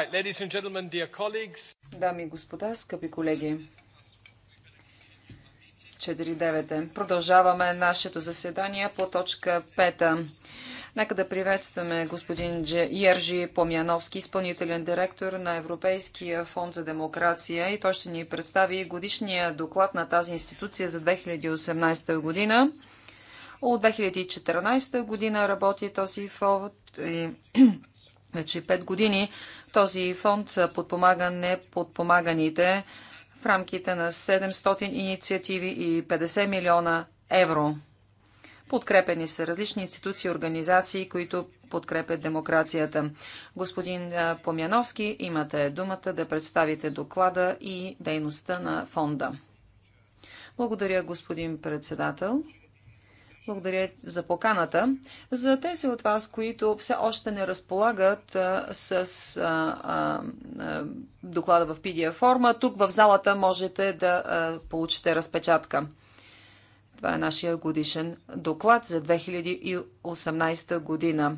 Right, ladies and gentlemen, dear colleagues. Дами и господа, скъпи колеги. 4.9. Продължаваме нашето заседание по точка 5. Нека да приветстваме господин Ержи Помяновски, изпълнителен директор на Европейския фонд за демокрация и той ще ни представи годишния доклад на тази институция за 2018 година. От 2014 година работи този фонд и вече 5 години този фонд подпомага неподпомаганите в рамките на 700 инициативи и 50 милиона евро. Подкрепени са различни институции и организации, които подкрепят демокрацията. Господин Помяновски, имате думата да представите доклада и дейността на фонда. Благодаря, господин председател. Благодаря за поканата. За тези от вас, които все още не разполагат с а, а, доклада в PDF форма, тук в залата можете да а, получите разпечатка. Това е нашия годишен доклад за 2018 година.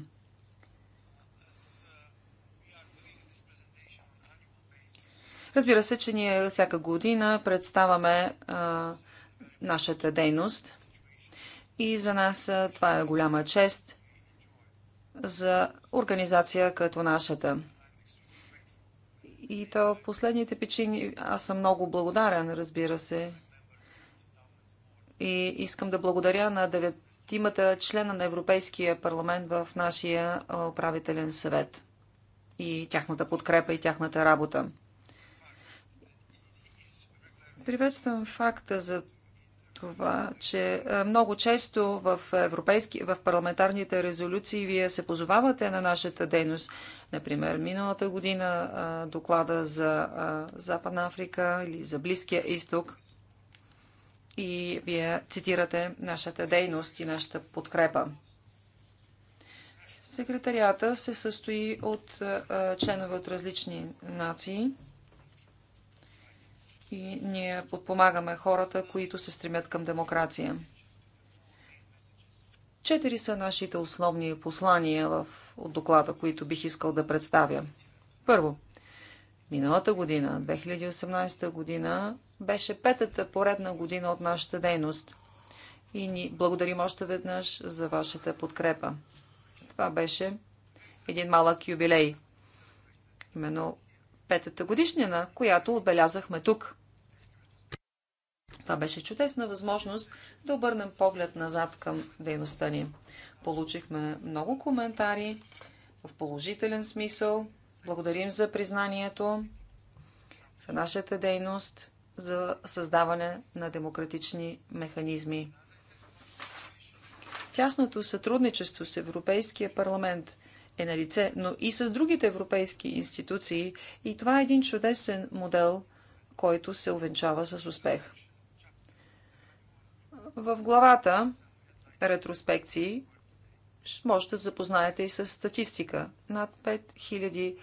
Разбира се, че ние всяка година представаме а, нашата дейност – и за нас това е голяма чест за организация като нашата. И то последните причини, аз съм много благодарен, разбира се. И искам да благодаря на деветимата члена на Европейския парламент в нашия управителен съвет и тяхната подкрепа и тяхната работа. Приветствам факта за това, че много често в, европейски, в парламентарните резолюции вие се позовавате на нашата дейност. Например, миналата година доклада за Западна Африка или за Близкия изток. И вие цитирате нашата дейност и нашата подкрепа. Секретарията се състои от членове от различни нации – и ние подпомагаме хората, които се стремят към демокрация. Четири са нашите основни послания в, от доклада, които бих искал да представя. Първо, миналата година, 2018 година, беше петата поредна година от нашата дейност. И ни благодарим още веднъж за вашата подкрепа. Това беше един малък юбилей. Именно петата годишнина, която отбелязахме тук. Това беше чудесна възможност да обърнем поглед назад към дейността ни. Получихме много коментари в положителен смисъл. Благодарим за признанието, за нашата дейност, за създаване на демократични механизми. Тясното сътрудничество с Европейския парламент е на лице, но и с другите европейски институции и това е един чудесен модел, който се увенчава с успех. В главата ретроспекции може да запознаете и с статистика. Над 5000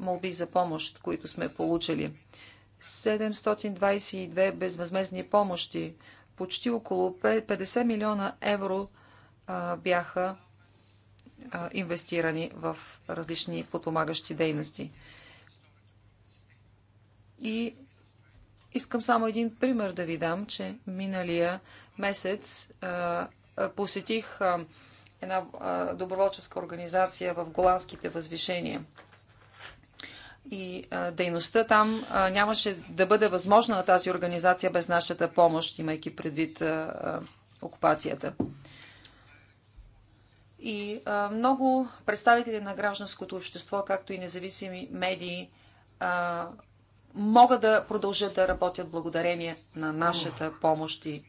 молби за помощ, които сме получили. 722 безвъзмезни помощи, почти около 50 милиона евро а, бяха а, инвестирани в различни подпомагащи дейности. И Искам само един пример да ви дам, че миналия месец а, посетих а, една а, доброволческа организация в Голандските възвишения. И а, дейността там а, нямаше да бъде възможна на тази организация без нашата помощ, имайки предвид а, а, окупацията. И а, много представители на гражданското общество, както и независими медии, а, могат да продължат да работят благодарение на нашата помощ и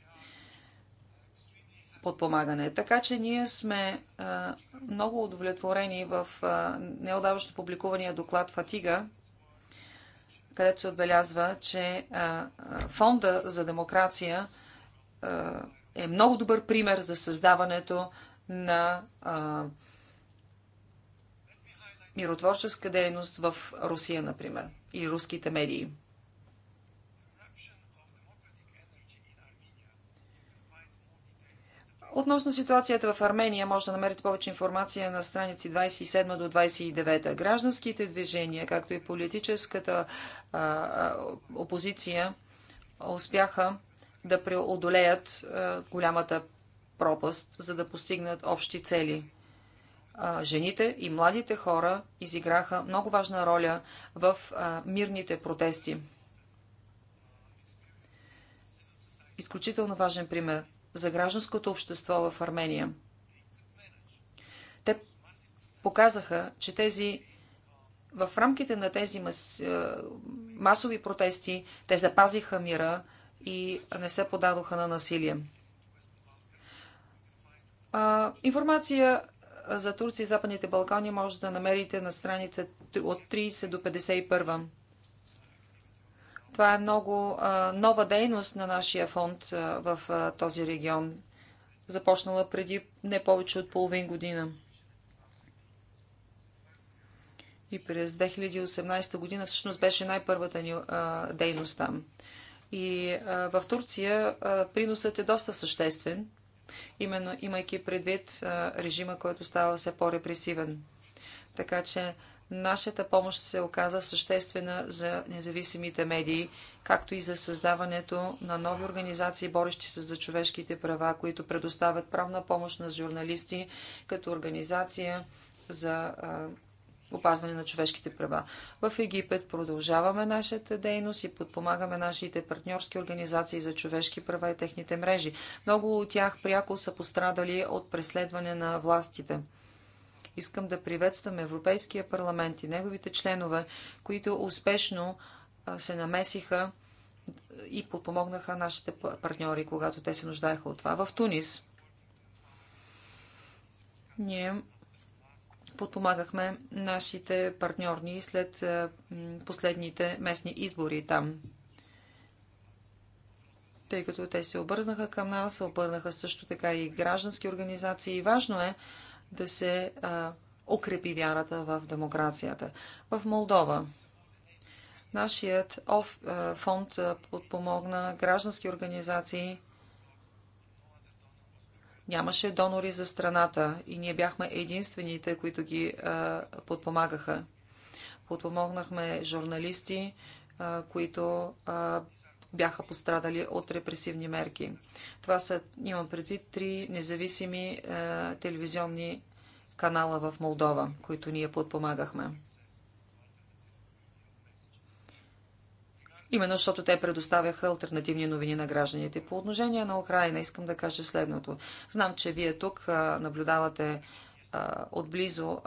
подпомагане. Така че ние сме а, много удовлетворени в а, неодаващо публикувания доклад Фатига, където се отбелязва, че а, Фонда за демокрация е много добър пример за създаването на миротворческа дейност в Русия, например и руските медии. Относно ситуацията в Армения, може да намерите повече информация на страници 27 до 29. Гражданските движения, както и политическата а, опозиция, успяха да преодолеят а, голямата пропаст, за да постигнат общи цели жените и младите хора изиграха много важна роля в мирните протести. Изключително важен пример за гражданското общество в Армения. Те показаха, че тези в рамките на тези мас, масови протести те запазиха мира и не се подадоха на насилие. А, информация за Турция и Западните Балкани може да намерите на страница от 30 до 51. Това е много нова дейност на нашия фонд в този регион, започнала преди не повече от половин година. И през 2018 година всъщност беше най-първата ни дейност там. И в Турция приносът е доста съществен именно имайки предвид режима, който става все по-репресивен. Така че нашата помощ се оказа съществена за независимите медии, както и за създаването на нови организации, борещи се за човешките права, които предоставят правна помощ на журналисти като организация за опазване на човешките права. В Египет продължаваме нашата дейност и подпомагаме нашите партньорски организации за човешки права и техните мрежи. Много от тях пряко са пострадали от преследване на властите. Искам да приветствам Европейския парламент и неговите членове, които успешно се намесиха и подпомогнаха нашите партньори, когато те се нуждаеха от това. В Тунис ние подпомагахме нашите партньорни след е, последните местни избори там. Тъй като те се обърнаха към нас, обърнаха също така и граждански организации. Важно е да се а, е, укрепи вярата в демокрацията. В Молдова нашият ОФ, е, фонд подпомогна граждански организации Нямаше донори за страната и ние бяхме единствените, които ги а, подпомагаха. Подпомогнахме журналисти, а, които а, бяха пострадали от репресивни мерки. Това са, имам предвид, три независими телевизионни канала в Молдова, които ние подпомагахме. именно защото те предоставяха альтернативни новини на гражданите. По отношение на Украина искам да кажа следното. Знам, че вие тук наблюдавате отблизо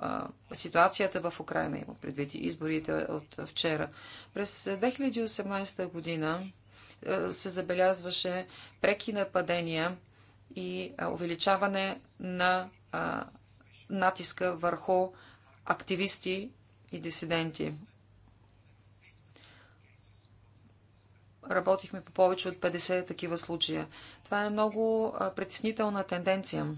ситуацията в Украина, има предвид изборите от вчера. През 2018 година се забелязваше преки нападения и увеличаване на натиска върху активисти и дисиденти. работихме по повече от 50 такива случая. Това е много притеснителна тенденция,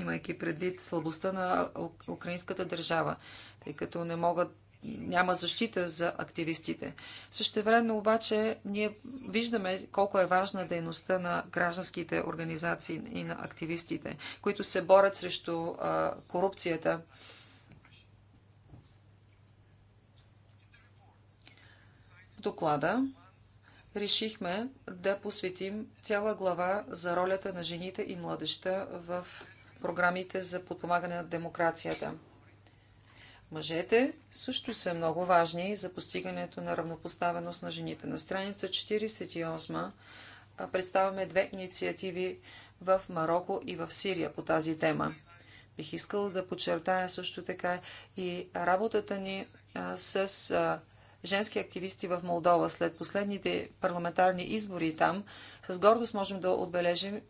имайки предвид слабостта на украинската държава, тъй като не могат няма защита за активистите. време обаче ние виждаме колко е важна дейността на гражданските организации и на активистите, които се борят срещу а, корупцията. В доклада решихме да посветим цяла глава за ролята на жените и младеща в програмите за подпомагане на демокрацията. Мъжете също са много важни за постигането на равнопоставеност на жените. На страница 48 представяме две инициативи в Марокко и в Сирия по тази тема. Бих искала да подчертая също така и работата ни с женски активисти в Молдова след последните парламентарни избори там, с гордост можем да отбележим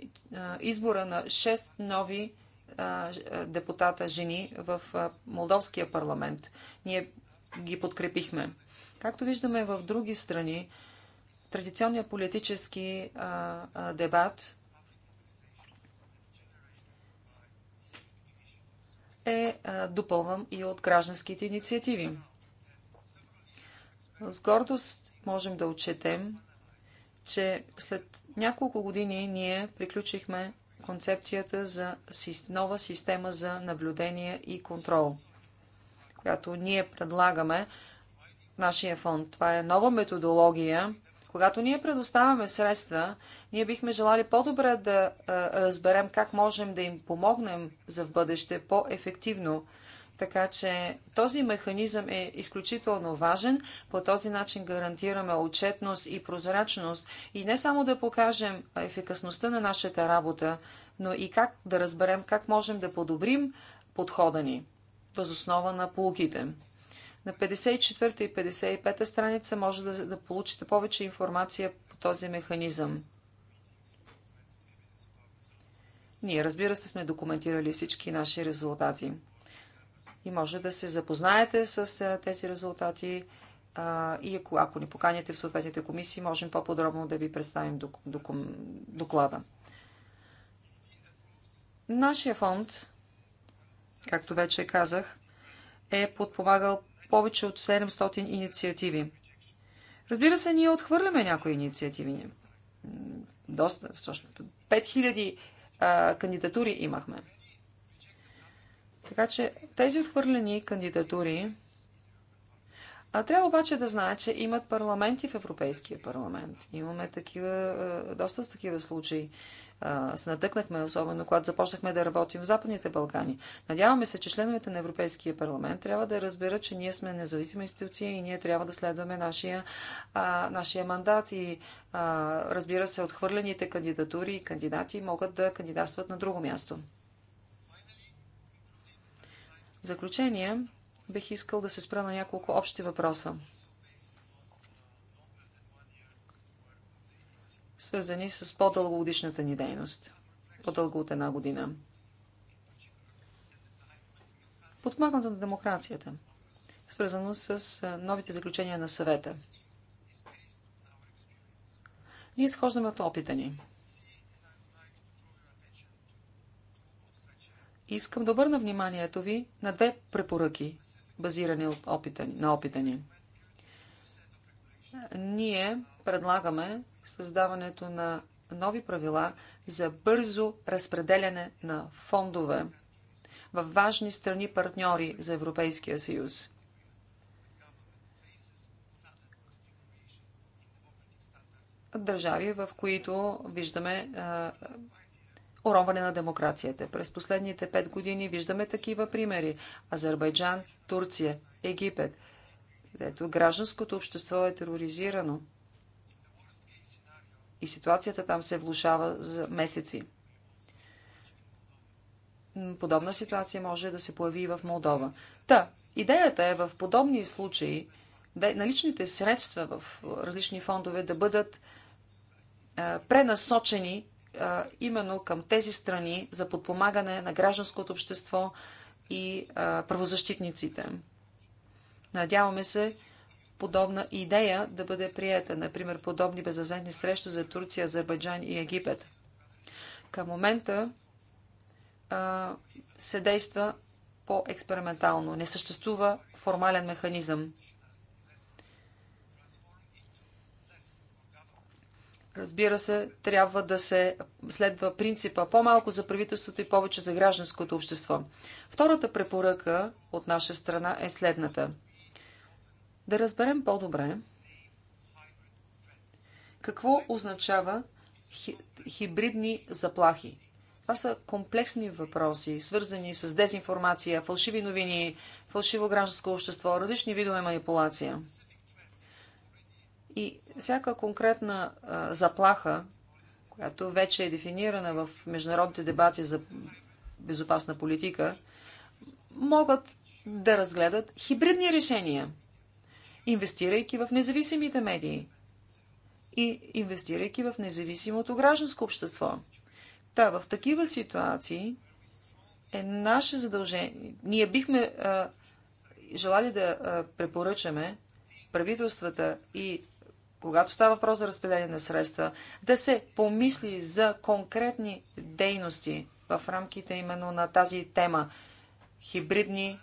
избора на 6 нови депутата жени в Молдовския парламент. Ние ги подкрепихме. Както виждаме в други страни, традиционният политически дебат е допълвам и от гражданските инициативи. С гордост можем да отчетем, че след няколко години ние приключихме концепцията за нова система за наблюдение и контрол, която ние предлагаме в нашия фонд. Това е нова методология. Когато ние предоставяме средства, ние бихме желали по-добре да разберем как можем да им помогнем за в бъдеще по-ефективно така че този механизъм е изключително важен. По този начин гарантираме отчетност и прозрачност и не само да покажем ефикасността на нашата работа, но и как да разберем как можем да подобрим подхода ни възоснова на полуките. На 54 и 55 страница може да, да получите повече информация по този механизъм. Ние, разбира се, сме документирали всички наши резултати и може да се запознаете с тези резултати и ако, ако ни поканите в съответните комисии, можем по-подробно да ви представим доклада. Нашия фонд, както вече казах, е подпомагал повече от 700 инициативи. Разбира се, ние отхвърляме някои инициативи. Доста, всъщност. 5000 а, кандидатури имахме. Така че тези отхвърлени кандидатури а трябва обаче да знае, че имат парламенти в Европейския парламент. Имаме такива, доста с такива случаи. Се натъкнахме, особено когато започнахме да работим в Западните Балкани. Надяваме се, че членовете на Европейския парламент трябва да разберат, че ние сме независима институция и ние трябва да следваме нашия, а, нашия мандат. И а, разбира се, отхвърлените кандидатури и кандидати могат да кандидатстват на друго място. В заключение, бих искал да се спра на няколко общи въпроса, свързани с по-дългогодишната ни дейност, по-дълго от една година. Подпомагането на демокрацията, свързано с новите заключения на съвета. Ние изхождаме от опита ни – Искам да обърна вниманието ви на две препоръки, базирани от опита, на опита ни. Ние предлагаме създаването на нови правила за бързо разпределяне на фондове в важни страни партньори за Европейския съюз. Държави, в които виждаме уронване на демокрацията. През последните пет години виждаме такива примери. Азербайджан, Турция, Египет, където гражданското общество е тероризирано. И ситуацията там се влушава за месеци. Подобна ситуация може да се появи и в Молдова. Та, идеята е в подобни случаи да, наличните средства в различни фондове да бъдат а, пренасочени именно към тези страни за подпомагане на гражданското общество и правозащитниците. Надяваме се подобна идея да бъде приета, например подобни безвъзвестни срещи за Турция, Азербайджан и Египет. Към момента се действа по-експериментално. Не съществува формален механизъм. Разбира се, трябва да се следва принципа по-малко за правителството и повече за гражданското общество. Втората препоръка от наша страна е следната. Да разберем по-добре какво означава хибридни заплахи. Това са комплексни въпроси, свързани с дезинформация, фалшиви новини, фалшиво гражданско общество, различни видове манипулация – и всяка конкретна а, заплаха, която вече е дефинирана в международните дебати за безопасна политика, могат да разгледат хибридни решения, инвестирайки в независимите медии и инвестирайки в независимото гражданско общество. Та, в такива ситуации е наше задължение. Ние бихме а, желали да а, препоръчаме правителствата и когато става въпрос за разпределение на средства, да се помисли за конкретни дейности в рамките именно на тази тема хибридни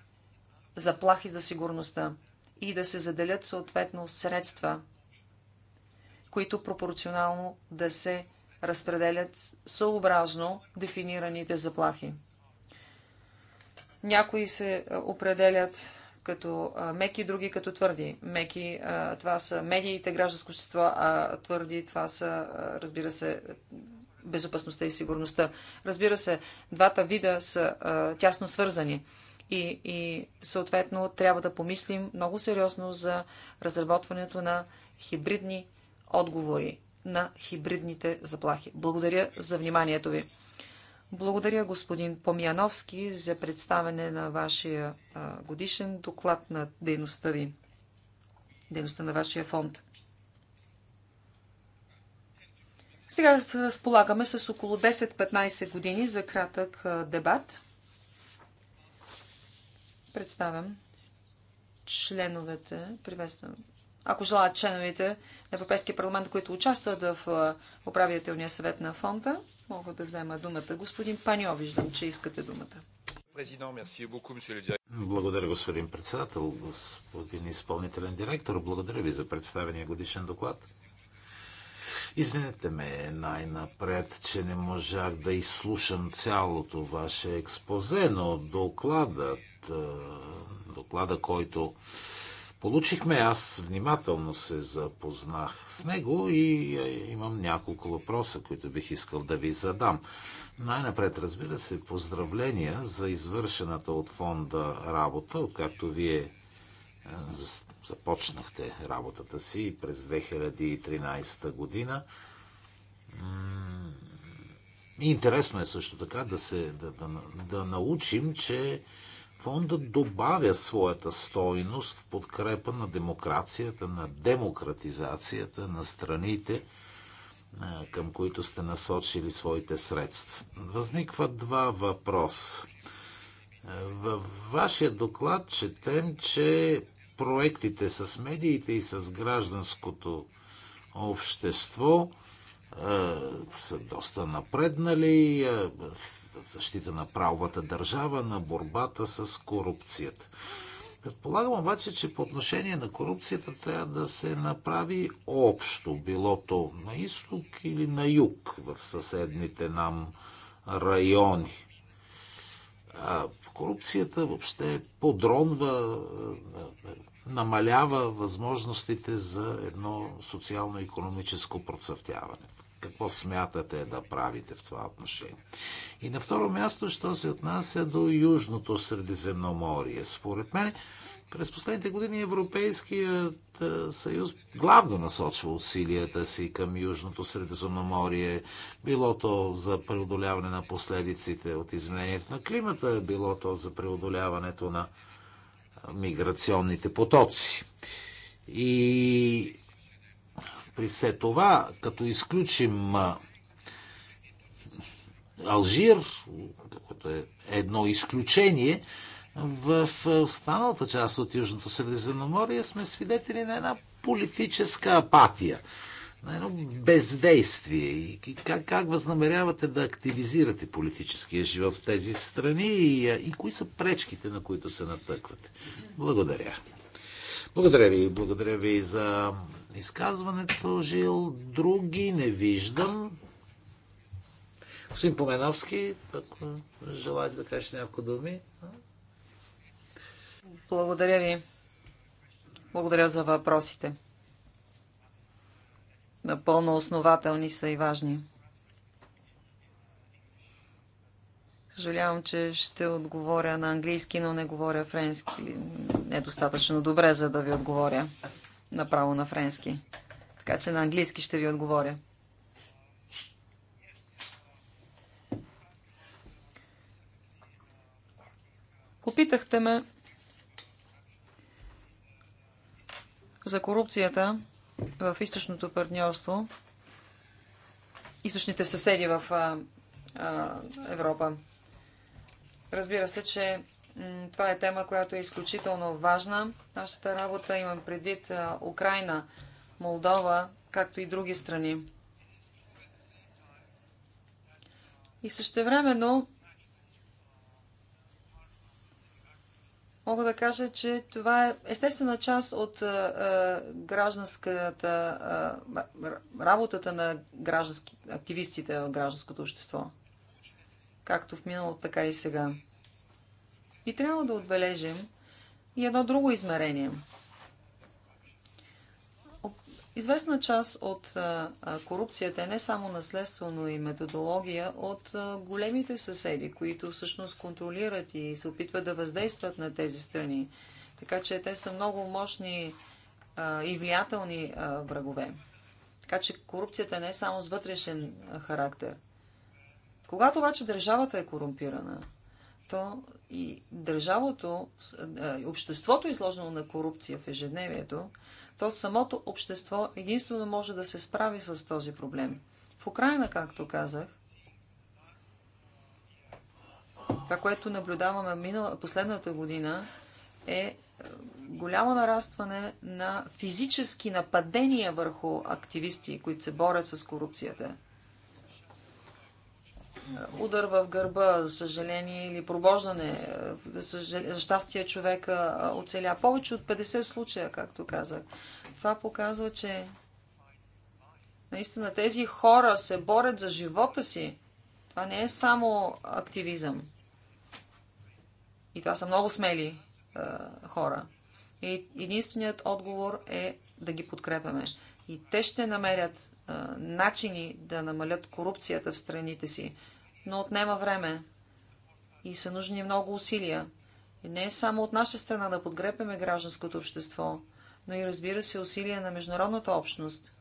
заплахи за сигурността и да се заделят съответно средства, които пропорционално да се разпределят съобразно дефинираните заплахи. Някои се е, определят като меки, други като твърди. Меки това са медиите, гражданско общество, а твърди това са, разбира се, безопасността и сигурността. Разбира се, двата вида са тясно свързани. И, и съответно трябва да помислим много сериозно за разработването на хибридни отговори на хибридните заплахи. Благодаря за вниманието ви. Благодаря, господин Помяновски, за представяне на вашия годишен доклад на дейността ви, дейността на вашия фонд. Сега се разполагаме с около 10-15 години за кратък дебат. Представям членовете, приветствам. Ако желаят членовете на Европейския парламент, които участват в управителния съвет на фонда, мога да взема думата. Господин Паньо, виждам, че искате думата. Благодаря, господин председател, господин изпълнителен директор. Благодаря ви за представения годишен доклад. Извинете ме най-напред, че не можах да изслушам цялото ваше експозе, но докладът, е, доклада, който получихме. Аз внимателно се запознах с него и е, имам няколко въпроса, които бих искал да ви задам. Най-напред, разбира се, поздравления за извършената от фонда работа, откакто вие е, започнахте работата си през 2013 година. интересно е също така да, се, да, да, да научим, че Фондът добавя своята стойност в подкрепа на демокрацията, на демократизацията на страните, към които сте насочили своите средства. Възникват два въпроса. Във вашия доклад четем, че проектите с медиите и с гражданското общество са доста напреднали в защита на правовата държава, на борбата с корупцията. Предполагам обаче, че по отношение на корупцията трябва да се направи общо, било то на изток или на юг, в съседните нам райони. А корупцията въобще подронва, е, е, намалява възможностите за едно социално-економическо процъфтяване. Какво смятате да правите в това отношение? И на второ място, що се отнася до Южното Средиземноморие. Според мен, през последните години Европейският съюз главно насочва усилията си към Южното Средиземноморие, било то за преодоляване на последиците от изменението на климата, било то за преодоляването на миграционните потоци. И при все това, като изключим Алжир, което е едно изключение, в останалата част от Южното Средиземноморие сме свидетели на една политическа апатия, на едно бездействие. И как, как възнамерявате да активизирате политическия живот в тези страни и, и кои са пречките, на които се натъквате? Благодаря. Благодаря ви. Благодаря ви за изказването, Жил. Други не виждам. Господин Поменовски, ако желаете да кажете няколко думи. Благодаря ви. Благодаря за въпросите. Напълно основателни са и важни. Съжалявам, че ще отговоря на английски, но не говоря френски. Недостатъчно добре, за да ви отговоря направо на френски. Така че на английски ще ви отговоря. Попитахте ме за корупцията в източното партньорство, източните съседи в а, а, Европа. Разбира се, че това е тема, която е изключително важна. Нашата работа имам предвид Украина, Молдова, както и други страни. И същевременно мога да кажа, че това е естествена част от гражданската, работата на граждански, активистите в гражданското общество. Както в миналото, така и сега. И трябва да отбележим и едно друго измерение. Известна част от корупцията е не само наследство, но и методология от големите съседи, които всъщност контролират и се опитват да въздействат на тези страни. Така че те са много мощни и влиятелни врагове. Така че корупцията не е само с вътрешен характер. Когато обаче държавата е корумпирана, то и държавото, обществото изложено на корупция в ежедневието, то самото общество единствено може да се справи с този проблем. В Украина, както казах, това, което наблюдаваме минала, последната година, е, е голямо нарастване на физически нападения върху активисти, които се борят с корупцията удар в гърба, за съжаление, или пробождане. За щастие човека оцеля. Повече от 50 случая, както казах. Това показва, че наистина тези хора се борят за живота си. Това не е само активизъм. И това са много смели е, хора. И единственият отговор е да ги подкрепяме. И те ще намерят начини да намалят корупцията в страните си но отнема време и са нужни много усилия. И не е само от наша страна да подгрепяме гражданското общество, но и разбира се усилия на международната общност.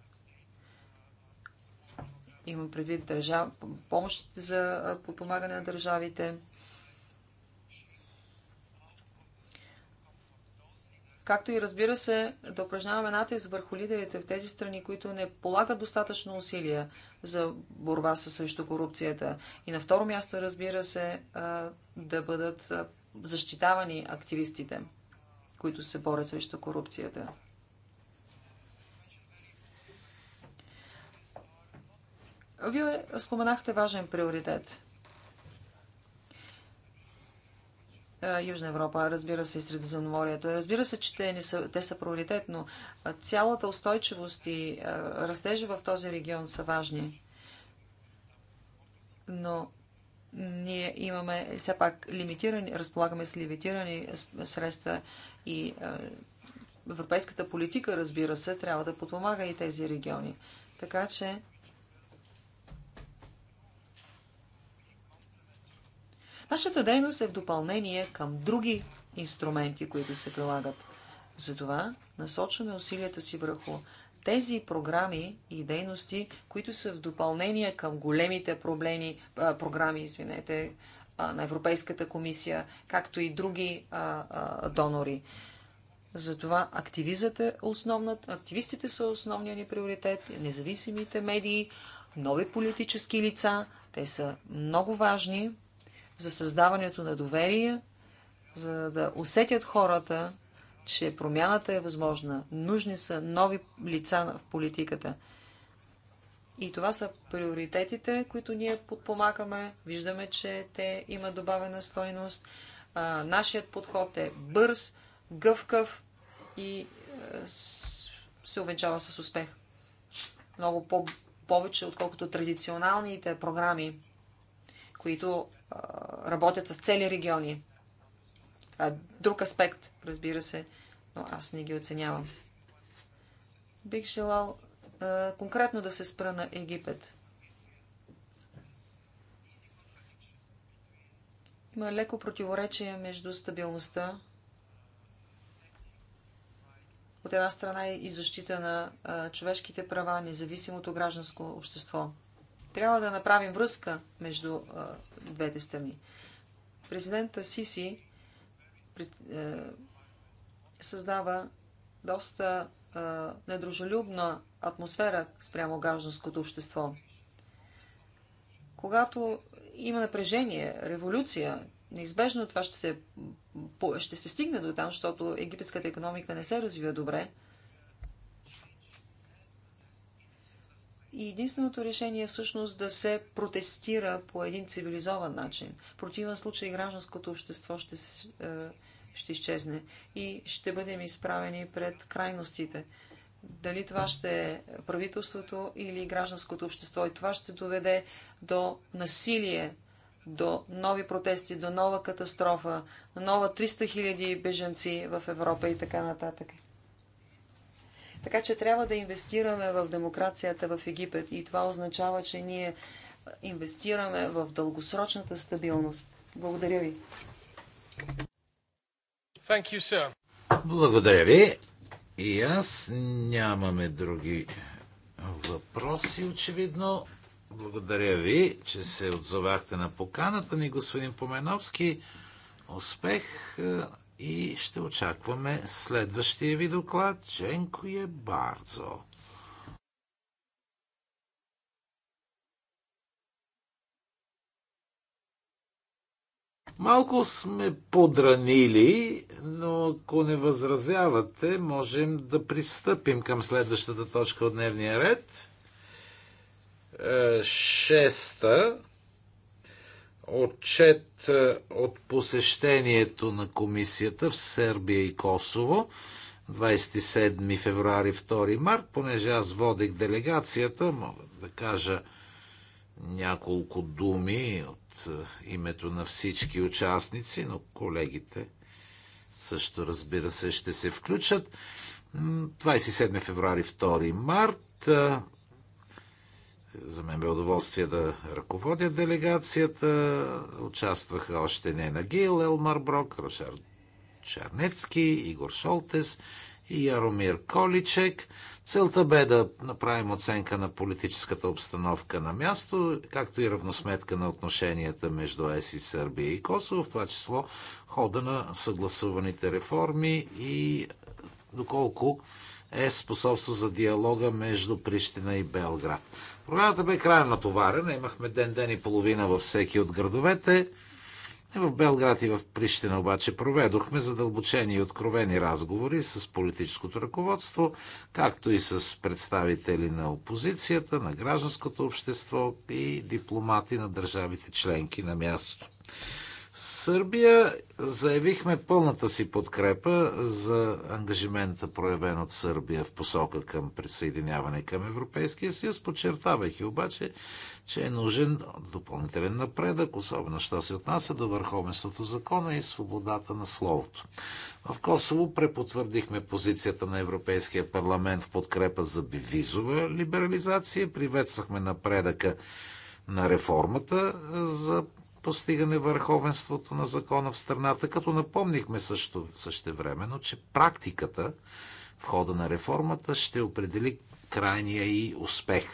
Имам предвид държав... помощите за подпомагане на държавите – както и разбира се да упражняваме натиск върху лидерите в тези страни, които не полагат достатъчно усилия за борба с срещу корупцията. И на второ място, разбира се, да бъдат защитавани активистите, които се борят срещу корупцията. Вие споменахте важен приоритет Южна Европа, разбира се, и Средиземноморието. Разбира се, че те, не са, те са приоритет, но цялата устойчивост и растежа в този регион са важни. Но ние имаме все пак лимитирани, разполагаме с лимитирани средства и европейската политика, разбира се, трябва да подпомага и тези региони. Така че Нашата дейност е в допълнение към други инструменти, които се прилагат. Затова насочваме усилията си върху тези програми и дейности, които са в допълнение към големите проблеми, а, програми извинете, а, на Европейската комисия, както и други а, а, донори. Затова е основна, активистите са основния ни приоритет, независимите медии, нови политически лица, те са много важни за създаването на доверие, за да усетят хората, че промяната е възможна. Нужни са нови лица в политиката. И това са приоритетите, които ние подпомагаме. Виждаме, че те имат добавена стойност. А, нашият подход е бърз, гъвкав и а, е, се увенчава с успех. Много по- повече, отколкото традиционалните програми които работят с цели региони. Това е друг аспект, разбира се, но аз не ги оценявам. Бих желал а, конкретно да се спра на Египет. Има леко противоречие между стабилността от една страна и защита на а, човешките права, независимото гражданско общество – трябва да направим връзка между а, двете страни. Президента Сиси пред, а, създава доста а, недружелюбна атмосфера спрямо гражданското общество. Когато има напрежение, революция, неизбежно това ще се, ще се стигне до там, защото египетската економика не се развива добре – И единственото решение е всъщност да се протестира по един цивилизован начин. В противен случай гражданското общество ще, е, ще изчезне и ще бъдем изправени пред крайностите. Дали това ще е правителството или гражданското общество. И това ще доведе до насилие, до нови протести, до нова катастрофа, нова 300 000 беженци в Европа и така нататък. Така че трябва да инвестираме в демокрацията в Египет и това означава, че ние инвестираме в дългосрочната стабилност. Благодаря ви. Thank you, sir. Благодаря ви. И аз нямаме други въпроси, очевидно. Благодаря ви, че се отзовахте на поканата ни, господин Поменовски. Успех и ще очакваме следващия ви доклад. е Бардзо. Малко сме подранили, но ако не възразявате, можем да пристъпим към следващата точка от дневния ред. Е, шеста отчет е, от посещението на комисията в Сърбия и Косово 27 февруари 2 март, понеже аз водих делегацията, мога да кажа няколко думи от е, името на всички участници, но колегите също разбира се ще се включат. 27 февруари 2 март е, за мен бе удоволствие да ръководя делегацията. Участваха още Нена Гил, Елмар Брок, Рошар Чернецки, Игор Шолтес и Яромир Количек. Целта бе да направим оценка на политическата обстановка на място, както и равносметка на отношенията между ЕС и Сърбия и Косово, в това число хода на съгласуваните реформи и доколко е способство за диалога между Прищина и Белград. Програмата бе крайно натоварена. Имахме ден, ден и половина във всеки от градовете. И в Белград и в Прищина обаче проведохме задълбочени и откровени разговори с политическото ръководство, както и с представители на опозицията, на гражданското общество и дипломати на държавите членки на мястото. Сърбия заявихме пълната си подкрепа за ангажимента проявен от Сърбия в посока към присъединяване към Европейския съюз, подчертавайки обаче, че е нужен допълнителен напредък, особено що се отнася до върховенството закона и свободата на словото. В Косово препотвърдихме позицията на Европейския парламент в подкрепа за бивизова либерализация, приветствахме напредъка на реформата за постигане върховенството на закона в страната, като напомнихме също времено, че практиката в хода на реформата ще определи крайния и успех.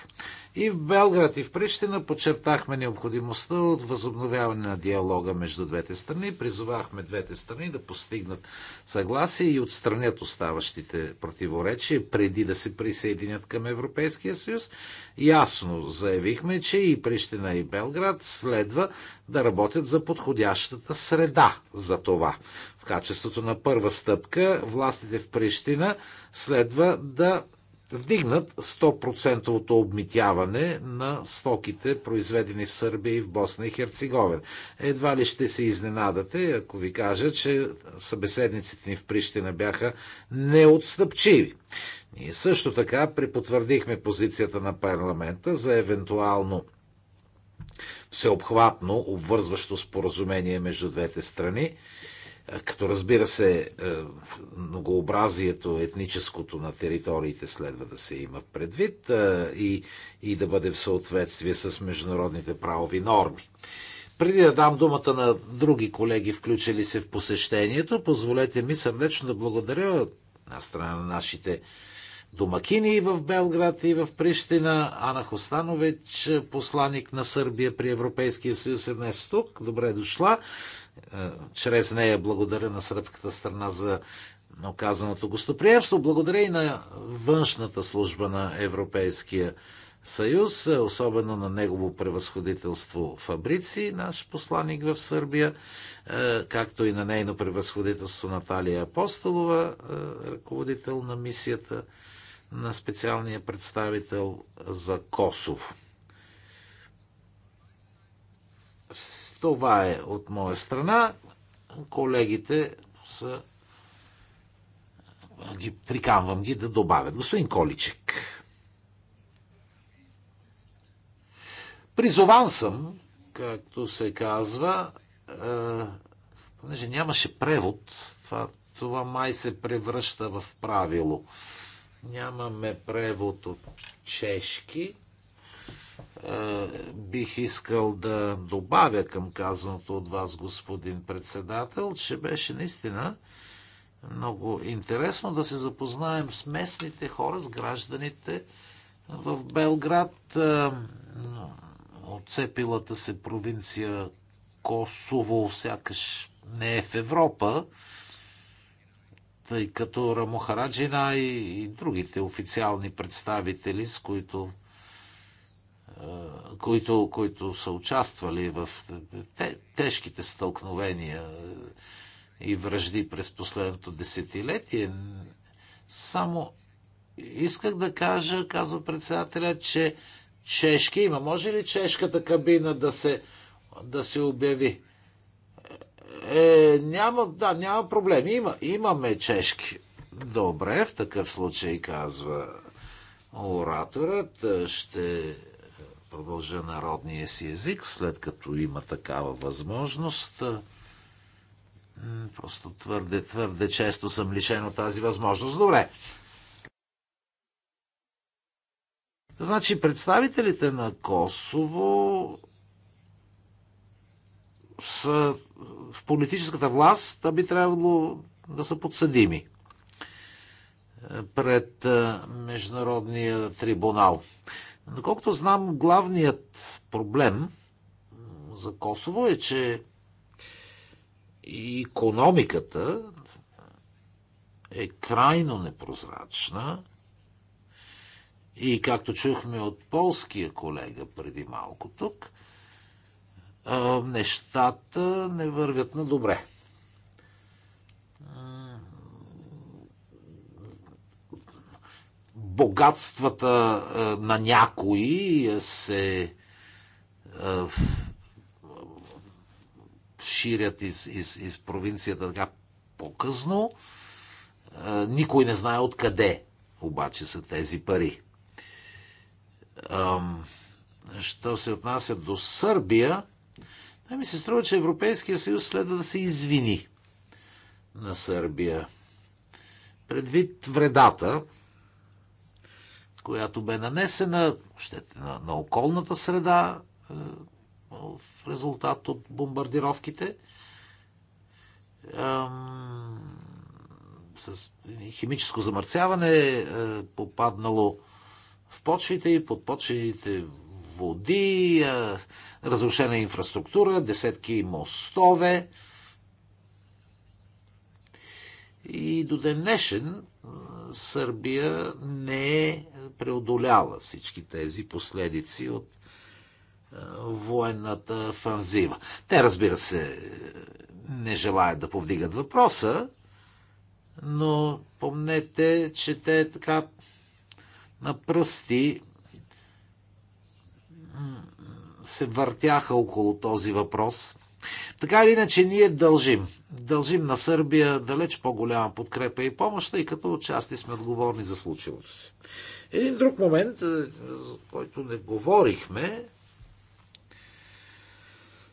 И в Белград и в Прищина подчертахме необходимостта от възобновяване на диалога между двете страни. Призовахме двете страни да постигнат съгласие и отстранят оставащите противоречия преди да се присъединят към Европейския съюз. Ясно заявихме, че и Прищина и Белград следва да работят за подходящата среда за това. В качеството на първа стъпка властите в Прищина следва да вдигнат 100% обмитяване на стоките, произведени в Сърбия и в Босна и Херцеговина. Едва ли ще се изненадате, ако ви кажа, че събеседниците ни в Прищина бяха неотстъпчиви. Ние също така препотвърдихме позицията на парламента за евентуално всеобхватно обвързващо споразумение между двете страни е, като разбира се, е, многообразието етническото на териториите следва да се има предвид е, и, и да бъде в съответствие с международните правови норми. Преди да дам думата на други колеги, включили се в посещението, позволете ми сърдечно да благодаря от страна на нашите домакини и в Белград, и в Прищина. Ана Хостанович, посланик на Сърбия при Европейския съюз е днес тук. Добре дошла. Е, чрез нея благодаря на сръбската страна за оказаното гостоприемство. Благодаря и на външната служба на Европейския съюз, е, особено на негово превъзходителство Фабрици, наш посланник в Сърбия, е, както и на нейно превъзходителство Наталия Апостолова, ръководител на мисията на специалния представител за Косово това е от моя страна. Колегите са... Ги, приканвам ги да добавят. Господин Количек. Призован съм, както се казва, е, понеже нямаше превод, това, това май се превръща в правило. Нямаме превод от чешки. Е, бих искал да добавя към казаното от вас, господин председател, че беше наистина много интересно да се запознаем с местните хора, с гражданите в Белград, е, отцепилата се провинция Косово, сякаш не е в Европа, тъй като Рамохараджина и другите официални представители, с които които, които са участвали в те, тежките стълкновения и връжди през последното десетилетие. Само исках да кажа, казва председателя, че чешки има. Може ли чешката кабина да се, да се обяви? Е, няма, да, няма проблем. Има, имаме чешки. Добре, в такъв случай, казва ораторът, ще продължа народния си език, след като има такава възможност. Е, просто твърде, твърде често съм лишен от тази възможност. Добре. Значи представителите на Косово са в политическата власт, а би трябвало да са подсъдими е, пред е, Международния трибунал. Доколкото знам, главният проблем за Косово е, че економиката е крайно непрозрачна и както чухме от полския колега преди малко тук, нещата не вървят на добре. богатствата е, на някои се е, ширят из, из, из провинцията така по-късно. Е, никой не знае откъде обаче са тези пари. Що се отнася до Сърбия, да ми се струва, че Европейския съюз следва да се извини на Сърбия. Предвид вредата, която бе нанесена на, на околната среда е, в резултат от бомбардировките с химическо замърсяване е, попаднало в почвите и под води, е, разрушена инфраструктура, десетки мостове. И до ден днешен Сърбия не е Преодолява всички тези последици от военната фанзива. Те, разбира се, не желаят да повдигат въпроса, но помнете, че те така на пръсти се въртяха около този въпрос. Така или иначе, ние дължим. Дължим на Сърбия далеч по-голяма подкрепа и помощ, тъй като отчасти сме отговорни за случилото се. Един друг момент, е, за който не говорихме,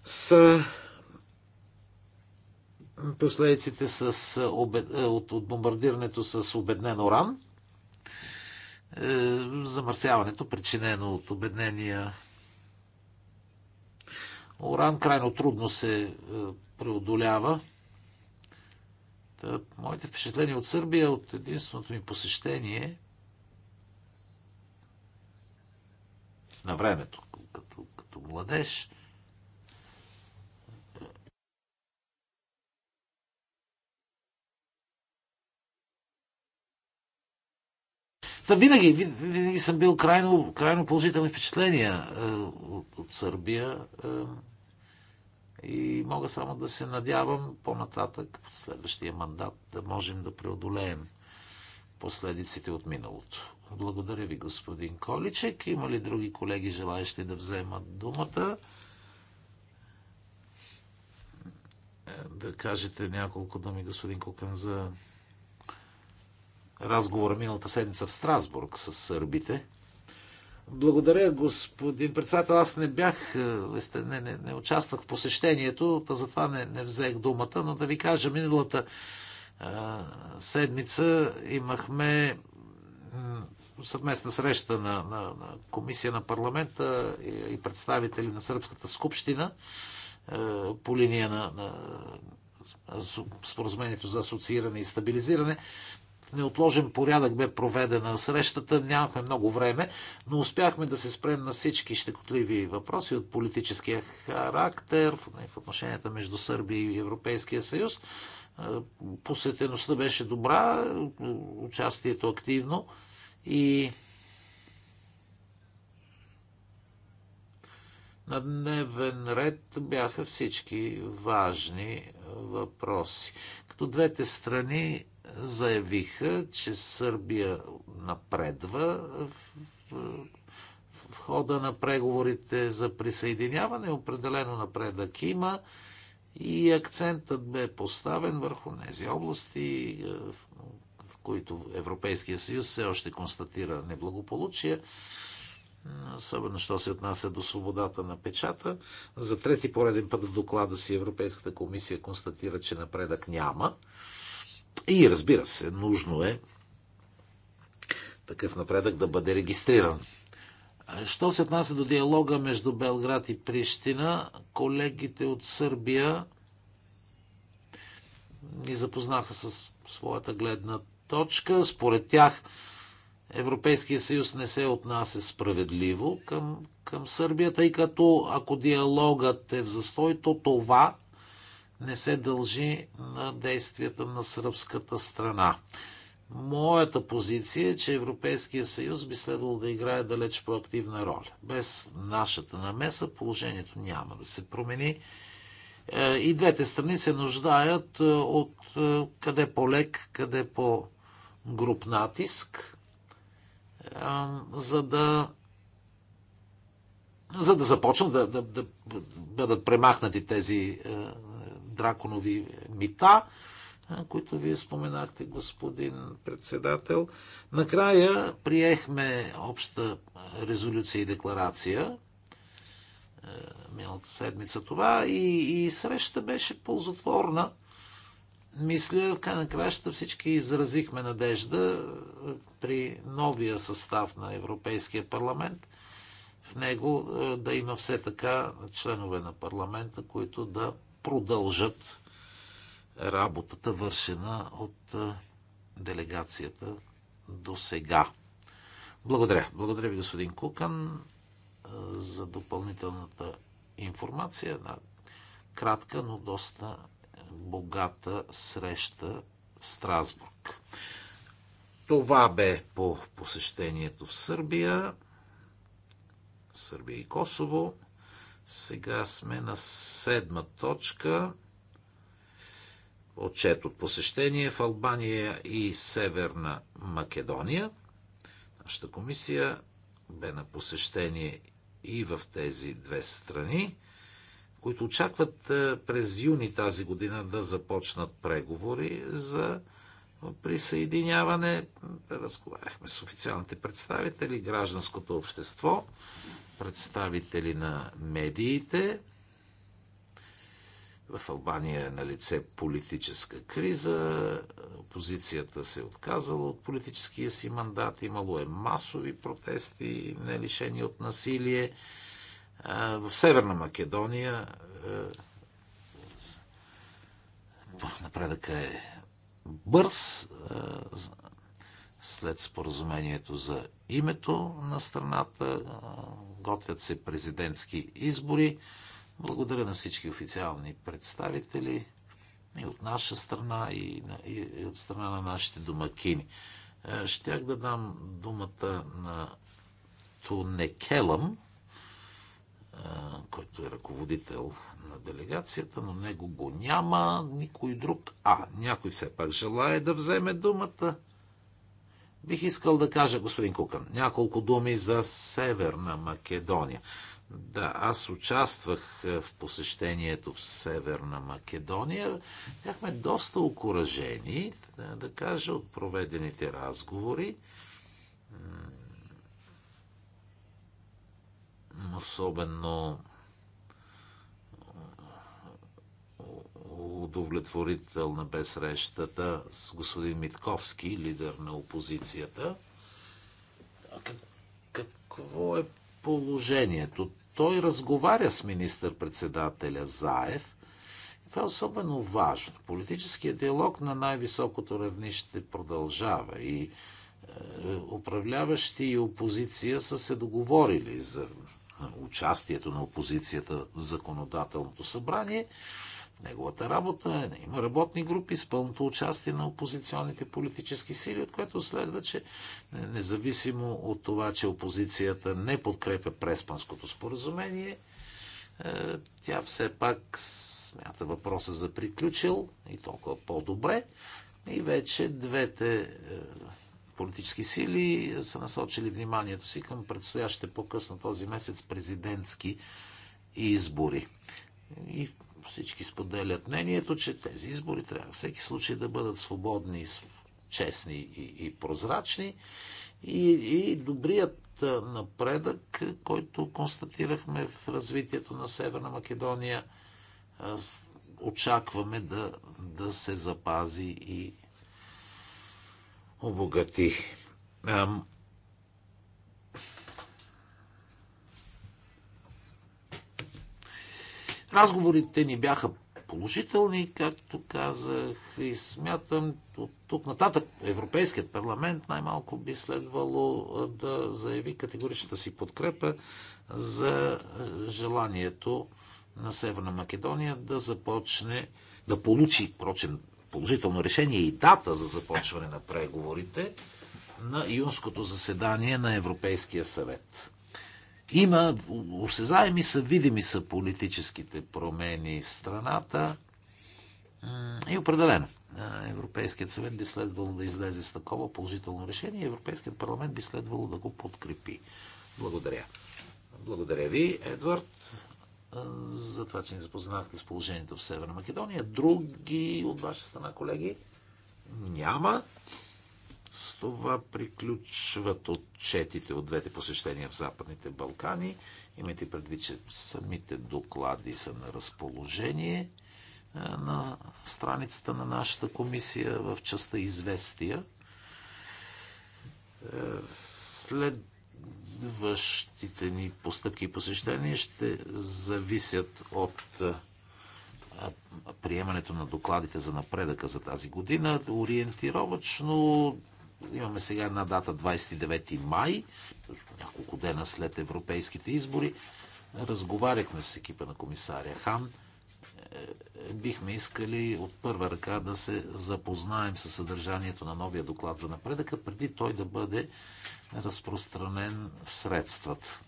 са последиците с, е, от, от бомбардирането с обеднен уран, е, замърсяването, причинено от обеднения уран, крайно трудно се преодолява. Та, моите впечатления от Сърбия, от единственото ми посещение, на времето, като, като младеж. Та винаги, винаги съм бил крайно, крайно положителни впечатления е, от, от Сърбия. Е, и мога само да се надявам по-нататък, в следващия мандат, да можем да преодолеем последиците от миналото. Благодаря ви, господин Количек. Има ли други колеги желаящи да вземат думата? Е, да кажете няколко думи, господин Кукан, за разговора миналата седмица в Страсбург с сърбите. Благодаря, господин председател. Аз не бях, е, не, не, не участвах в посещението, затова не, не взех думата, но да ви кажа, миналата а, е, седмица имахме съвместна среща на, на, на комисия на парламента и, представители на Сръбската скупщина е, по линия на, на споразумението за асоцииране и стабилизиране. В неотложен порядък бе проведена срещата, нямахме много време, но успяхме да се спрем на всички щекотливи въпроси от политическия характер в отношенията между Сърбия и Европейския съюз. Е, посетеността беше добра, участието активно. И на дневен ред бяха всички важни въпроси. Като двете страни заявиха, че Сърбия напредва в, в хода на преговорите за присъединяване. Определено напредък има и акцентът бе поставен върху тези области, в които Европейския съюз все още констатира неблагополучие, особено що се отнася до свободата на печата. За трети пореден път в доклада си Европейската комисия констатира, че напредък няма. И разбира се, нужно е такъв напредък да бъде регистриран. Що се отнася до диалога между Белград и Прищина, колегите от Сърбия ни запознаха с своята гледна точка. Според тях Европейския съюз не се отнася справедливо към, към Сърбия, тъй като ако диалогът е в застой, то това не се дължи на действията на сръбската страна. Моята позиция е, че Европейския съюз би следвало да играе далеч по-активна роля. Без нашата намеса положението няма да се промени. Е, и двете страни се нуждаят е, от е, къде по-лек, къде по-лек груп натиск, за да за да започнат да, да, да бъдат премахнати тези е, драконови мита, е, които вие споменахте, господин председател. Накрая приехме обща резолюция и декларация е, миналата седмица това и, и среща беше ползотворна мисля, в край на краща всички изразихме надежда е, при новия състав на Европейския парламент в него е, да има все така членове на парламента, които да продължат работата, вършена от е, делегацията до сега. Благодаря. Благодаря ви, господин Кукан, за допълнителната информация. на кратка, но доста богата среща в Страсбург. Това бе по посещението в Сърбия, Сърбия и Косово. Сега сме на седма точка. Отчет от посещение в Албания и Северна Македония. Нашата комисия бе на посещение и в тези две страни които очакват е, през юни тази година да започнат преговори за присъединяване. Разговаряхме с официалните представители, гражданското общество, представители на медиите. В Албания е на лице политическа криза, опозицията се е отказала от политическия си мандат, имало е масови протести, не лишени от насилие в Северна Македония е, напредъка е бърз е, след споразумението за името на страната. Е, готвят се президентски избори. Благодаря на всички официални представители и от наша страна, и, и, и от страна на нашите домакини. Щях да дам думата на Тунекелъм, който е ръководител на делегацията, но него го няма, никой друг. А, някой все пак желая да вземе думата. Бих искал да кажа, господин Кукан, няколко думи за Северна Македония. Да, аз участвах е, в посещението в Северна Македония. Бяхме доста окоръжени, да кажа, от проведените разговори. особено удовлетворителна бе срещата с господин Митковски, лидер на опозицията. Какво е положението? Той разговаря с министър-председателя Заев. Това е особено важно. Политическият диалог на най-високото равнище продължава и е, управляващи и опозиция са се договорили за участието на опозицията в законодателното събрание. Неговата работа е, има работни групи с пълното участие на опозиционните политически сили, от което следва, че независимо от това, че опозицията не подкрепя Преспанското споразумение, е, тя все пак смята въпроса за приключил и толкова по-добре. И вече двете е, политически сили са насочили вниманието си към предстоящите по-късно този месец президентски избори. И всички споделят мнението, че тези избори трябва всеки случай да бъдат свободни, честни и, и прозрачни. И, и добрият напредък, който констатирахме в развитието на Северна Македония, очакваме да, да се запази и обогати. Ам... Разговорите ни бяха положителни, както казах, и смятам от тук нататък Европейският парламент най-малко би следвало да заяви категоричната си подкрепа за желанието на Северна Македония да започне да получи, впрочем, положително решение и дата за започване на преговорите на юнското заседание на Европейския съвет. Има, осезаеми са, видими са политическите промени в страната и определено. Европейският съвет би следвало да излезе с такова положително решение и Европейският парламент би следвало да го подкрепи. Благодаря. Благодаря ви, Едвард за това, че ни запознахте с положението в Северна Македония. Други от ваша страна, колеги, няма. С това приключват отчетите от двете посещения в Западните Балкани. Имайте предвид, че самите доклади са на разположение на страницата на нашата комисия в частта известия. Е, след следващите ни постъпки и посещения ще зависят от приемането на докладите за напредъка за тази година. Ориентировачно имаме сега една дата 29 май, няколко дена след европейските избори. Разговаряхме с екипа на комисаря Хан бихме искали от първа ръка да се запознаем с съдържанието на новия доклад за напредъка, преди той да бъде разпространен в средствата.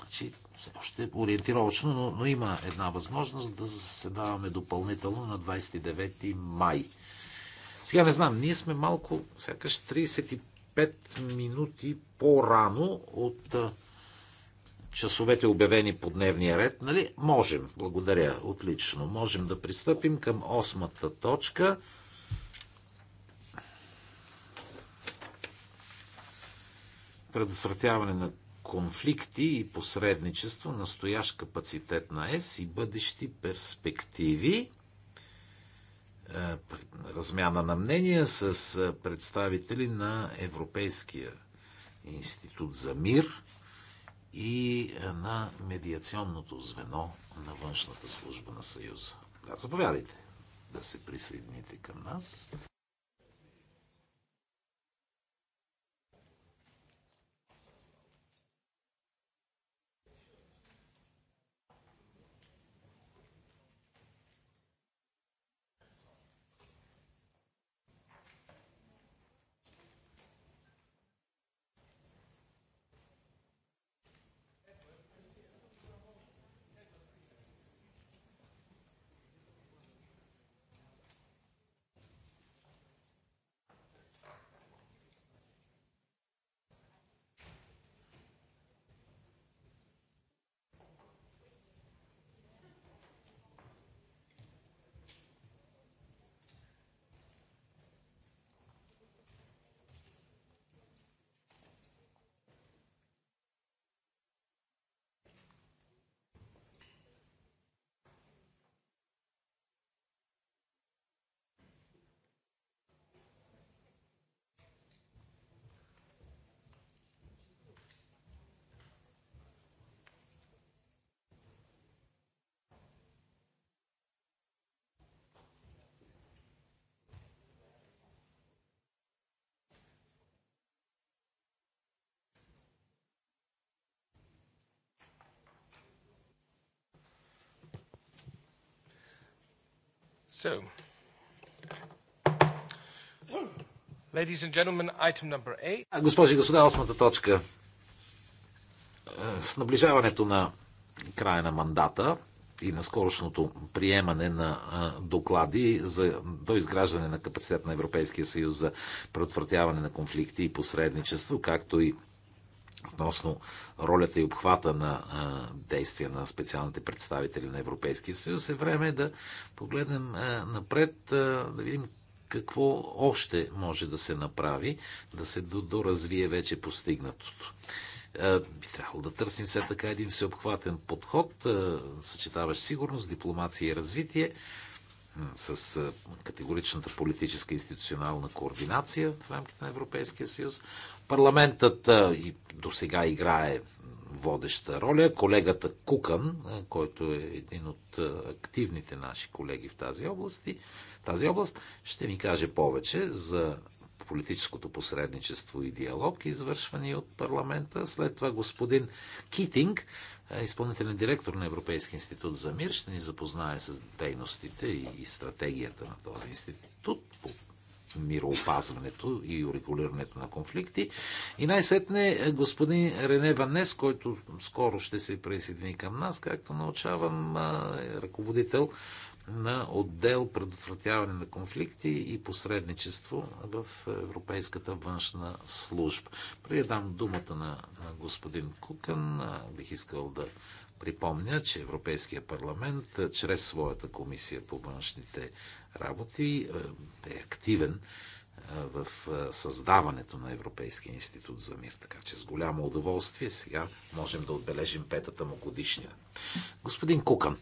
Значи, все още е ориентировачно, но, но има една възможност да заседаваме допълнително на 29 май. Сега не знам, ние сме малко, сякаш 35 минути по-рано от часовете обявени по дневния ред, нали? Можем, благодаря, отлично. Можем да пристъпим към осмата точка. Предотвратяване на конфликти и посредничество, настоящ капацитет на ЕС и бъдещи перспективи. Е, размяна на мнения с е, представители на Европейския институт за мир – и на медиационното звено на външната служба на Съюза. Да, заповядайте да се присъедините към нас. So, ladies and gentlemen, item number eight. Госпожи и господа, осмата точка. Е, с наближаването на края на мандата и на скорошното приемане на доклади за доизграждане на капацитет на Европейския съюз за предотвратяване на конфликти и посредничество, както и относно ролята и обхвата на а, действия на специалните представители на Европейския съюз, е време да погледнем а, напред, а, да видим какво още може да се направи, да се доразвие вече постигнатото. Би трябвало да търсим все така един всеобхватен подход, съчетаващ сигурност, дипломация и развитие с категоричната политическа и институционална координация в рамките на Европейския съюз, Парламентът и до сега играе водеща роля. Колегата Кукан, който е един от активните наши колеги в тази област, тази област ще ни каже повече за политическото посредничество и диалог, извършвани от парламента. След това господин Китинг, изпълнителен директор на Европейски институт за мир, ще ни запознае с дейностите и стратегията на този институт по мироопазването и урегулирането на конфликти. И най-сетне е, господин Рене Ванес, който скоро ще се присъедини към нас, както научавам, е, е ръководител на отдел предотвратяване на конфликти и посредничество в Европейската външна служба. Преди дам думата на, на господин Кукън, е, бих искал да припомня, че Европейския парламент чрез своята комисия по външните работи, е, е активен е, в е, създаването на Европейския институт за мир. Така че с голямо удоволствие сега можем да отбележим петата му годишнина. Господин Кукан.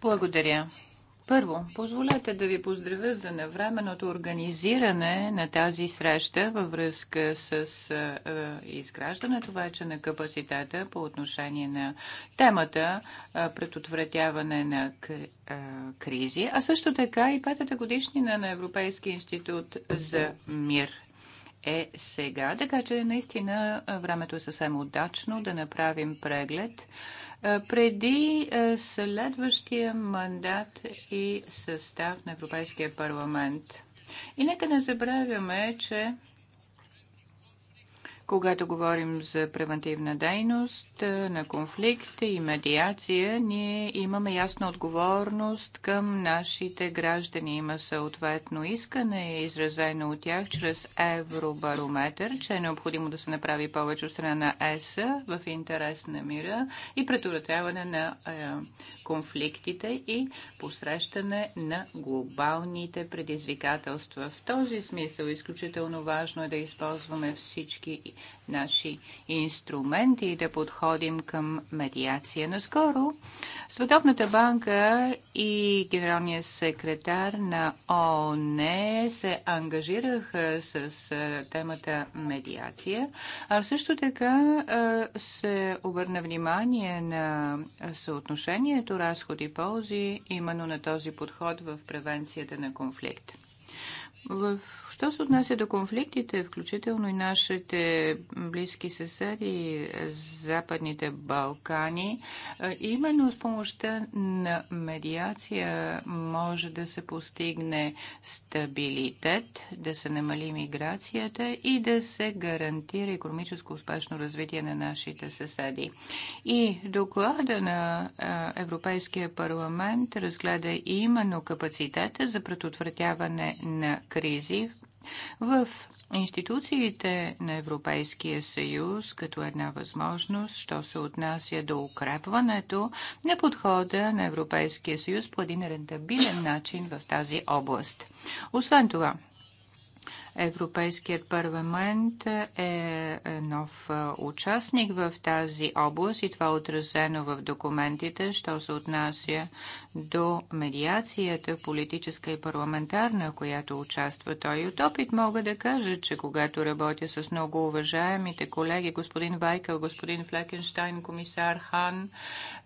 Благодаря. Първо, позволете да ви поздравя за навременното организиране на тази среща във връзка с е, изграждането вече на капацитета по отношение на темата е, предотвратяване на кри, е, кризи, а също така и петата годишнина на Европейски институт за мир е сега. Така че наистина времето е съвсем удачно да направим преглед е, преди е, следващия мандат и състав на Европейския парламент. И нека не забравяме, че когато говорим за превентивна дейност на конфликт и медиация, ние имаме ясна отговорност към нашите граждани. Има съответно искане, изразено от тях чрез Евробарометър, че е необходимо да се направи повече от страна на ЕС в интерес на мира и предотвратяване на конфликтите и посрещане на глобалните предизвикателства. В този смисъл е изключително важно е да използваме всички наши инструменти и да подходим към медиация. Наскоро Световната банка и генералният секретар на ООН се ангажираха с темата медиация, а също така се обърна внимание на съотношението разходи-ползи, именно на този подход в превенцията на конфликт. В... Що се отнася до конфликтите, включително и нашите близки съседи, Западните Балкани, именно с помощта на медиация може да се постигне стабилитет, да се намали миграцията и да се гарантира економическо успешно развитие на нашите съседи. И доклада на Европейския парламент разгледа именно капацитета за предотвратяване на кризата кризи в институциите на Европейския съюз като една възможност, що се отнася до укрепването на подхода на Европейския съюз по един рентабилен начин в тази област. Освен това, Европейският парламент е нов е, участник в тази област и това е отразено в документите, що се отнася до медиацията политическа и парламентарна, която участва той. И от опит мога да кажа, че когато работя с много уважаемите колеги, господин Вайкъл, господин Флекенштайн, комисар Хан,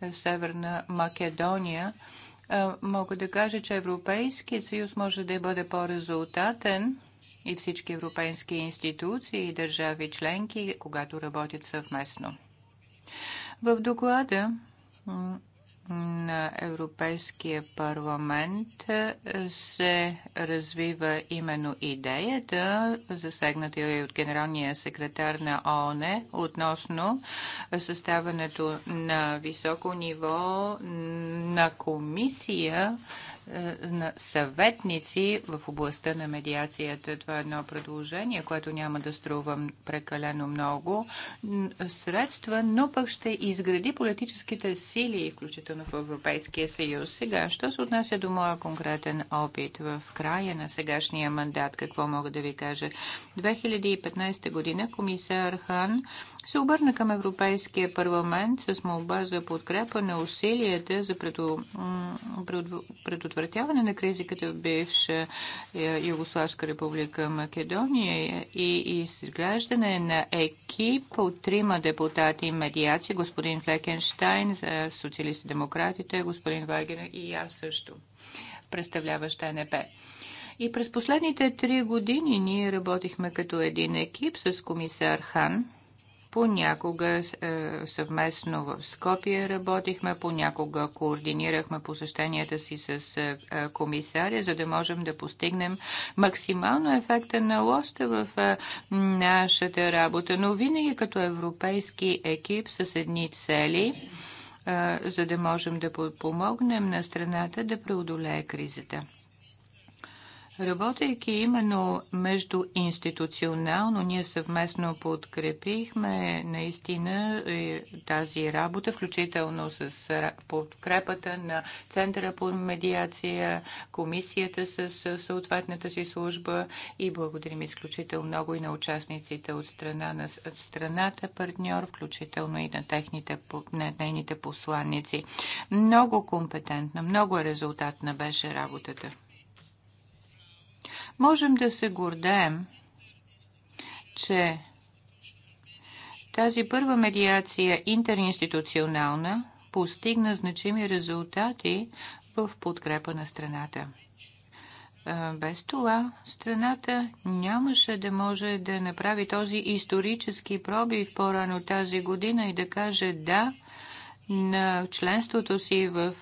е, Северна Македония, е, мога да кажа, че Европейският съюз може да бъде по-резултатен и всички европейски институции и държави членки, когато работят съвместно. В доклада на Европейския парламент е, се развива именно идеята, засегната и от генералния секретар на ООН, относно съставането на високо ниво на комисия е, на съветници в областта на медиацията. Това е едно предложение, което няма да струва прекалено много средства, но пък ще изгради политическите сили, включително в Европейския съюз. Сега, що се отнася до моя конкретен опит в края на сегашния мандат, какво мога да ви кажа? 2015 година комисар Хан се обърна към Европейския парламент с молба за подкрепа на усилията за предотвратяване предотвратяване на кризи, като бивша е, Югославска република Македония и изглеждане на екип от трима депутати и медиации, господин Флекенштайн, за социалисти-демократите, господин Вагер и аз също, представляваща НП. И през последните три години ние работихме като един екип с комисар Хан – Понякога е, съвместно в Скопия работихме, понякога координирахме посещенията си с е, е, комисаря, за да можем да постигнем максимално ефекта на лоста в нашата работа. Но винаги като европейски екип с едни цели за да можем да помогнем на страната да преодолее кризата. Работейки именно между институционално, ние съвместно подкрепихме наистина е, тази работа, включително с подкрепата на Центъра по медиация, комисията с съответната си служба и благодарим изключително много и на участниците от страна на страната партньор, включително и на, техните, на нейните посланници. Много компетентна, много резултатна беше работата. Можем да се гордеем, че тази първа медиация интеринституционална постигна значими резултати в подкрепа на страната. Без това страната нямаше да може да направи този исторически пробив по-рано тази година и да каже да на членството си в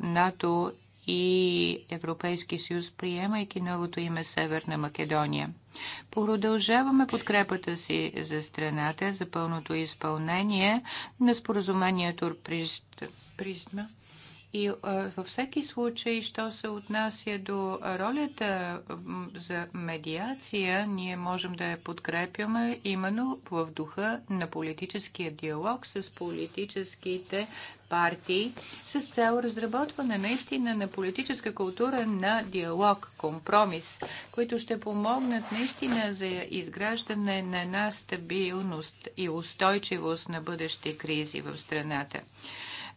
НАТО и Европейски съюз, приемайки новото име Северна Македония. Продължаваме подкрепата си за страната за пълното изпълнение на споразумението Призма и във всеки случай, що се отнася до ролята за медиация, ние можем да я подкрепяме именно в духа на политическия диалог с политическите партии с цел разработване наистина на политическа култура на диалог, компромис, които ще помогнат наистина за изграждане на една стабилност и устойчивост на бъдещи кризи в страната.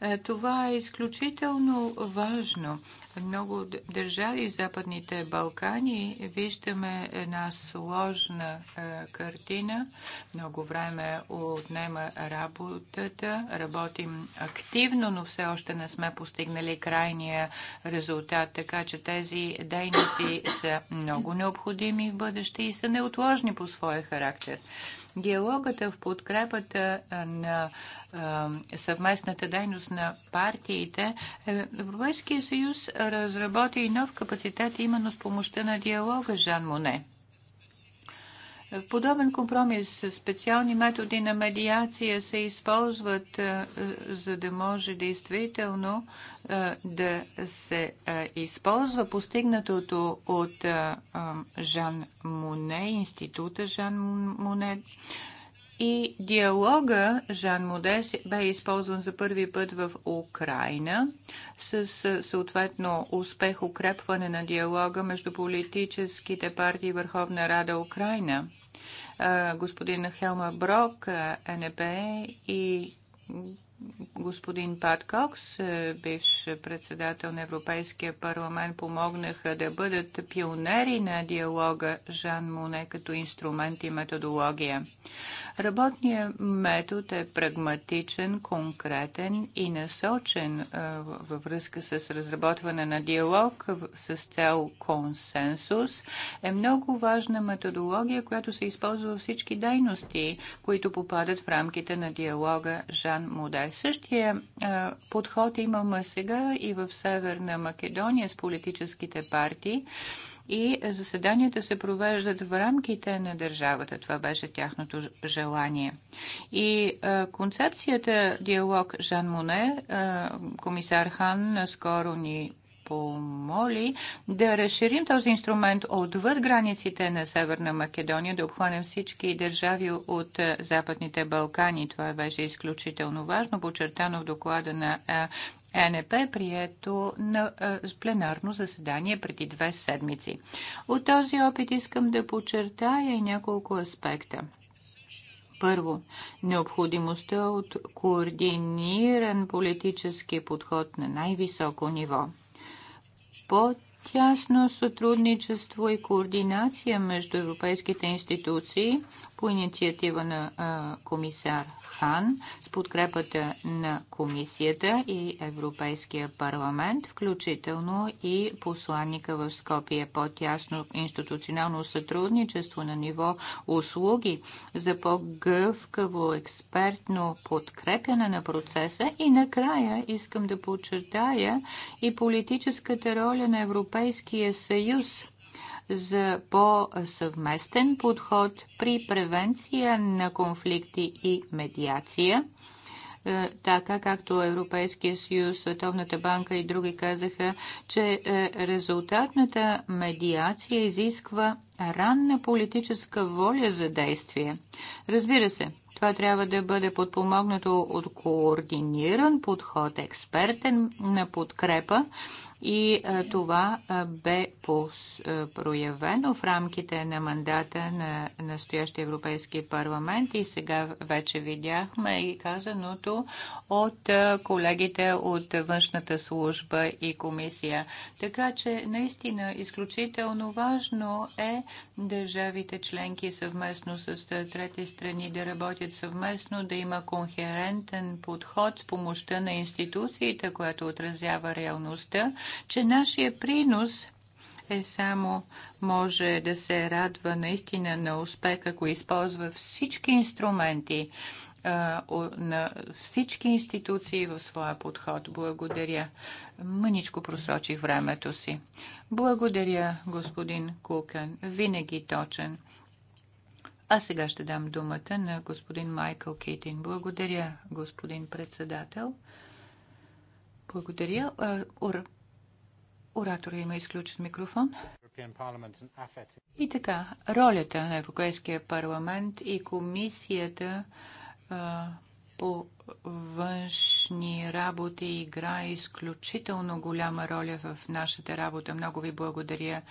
Е, това е изключително важно. Много държави Западните Балкани виждаме една сложна е, картина. Много време отнема работата. Работим активно, но все още не сме постигнали крайния резултат. Така че тези дейности са много необходими в бъдеще и са неотложни по своя характер. Диалогата е в подкрепата на съвместната дейност на партиите, е, Европейския съюз разработи и нов капацитет именно с помощта на диалога Жан Моне. Е, подобен компромис с специални методи на медиация се използват, за да може действително да се използва постигнатото от Жан Моне, института Жан Моне. И диалога Жан Модес бе използван за първи път в Украина с съответно успех укрепване на диалога между политическите партии Върховна Рада Украина. Господин Хелма Брок, НП е и господин Пат Кокс, е, бивш председател на Европейския парламент, помогнаха да бъдат пионери на диалога Жан Моне като инструмент и методология. Работният метод е прагматичен, конкретен и насочен е, във връзка с разработване на диалог с цел консенсус. Е много важна методология, която се използва във всички дейности, които попадат в рамките на диалога Жан Модай. Същия е, подход имаме сега и в Северна Македония с политическите партии и заседанията се провеждат в рамките на държавата. Това беше тяхното желание. И а, концепцията диалог Жан Моне, а, комисар Хан наскоро ни помоли да разширим този инструмент отвъд границите на Северна Македония, да обхванем всички държави от Западните Балкани. Това беше изключително важно, подчертано в доклада на ЕНП, прието на пленарно заседание преди две седмици. От този опит искам да подчертая и няколко аспекта. Първо, необходимостта от координиран политически подход на най-високо ниво. по тясно сътрудничество и координация между европейските институции по инициатива на комисар Хан с подкрепата на комисията и Европейския парламент, включително и посланника в Скопие по-тясно институционално сътрудничество на ниво услуги за по-гъвкаво експертно подкрепяне на процеса и накрая искам да подчертая и политическата роля на Европейския съюз за по-съвместен подход при превенция на конфликти и медиация е, така както Европейския съюз, Световната банка и други казаха, че е, резултатната медиация изисква ранна политическа воля за действие. Разбира се, това трябва да бъде подпомогнато от координиран подход, експертен на подкрепа и е, това е, бе е, проявено в рамките на мандата на настоящия Европейски парламент и сега вече видяхме и казаното от колегите от външната служба и комисия. Така че наистина изключително важно е държавите членки съвместно с трети страни да работят съвместно, да има конхерентен подход с помощта на институциите, която отразява реалността че нашия принос е само може да се радва наистина на успех, ако използва всички инструменти на всички институции в своя подход. Благодаря. Мъничко просрочих времето си. Благодаря, господин Кукен. Винаги точен. А сега ще дам думата на господин Майкъл Китин. Благодаря, господин председател. Благодаря. Оратора има изключен микрофон. И така, ролята на Европейския парламент и комисията а, по външни работи игра изключително голяма роля в нашата работа. Много ви благодаря.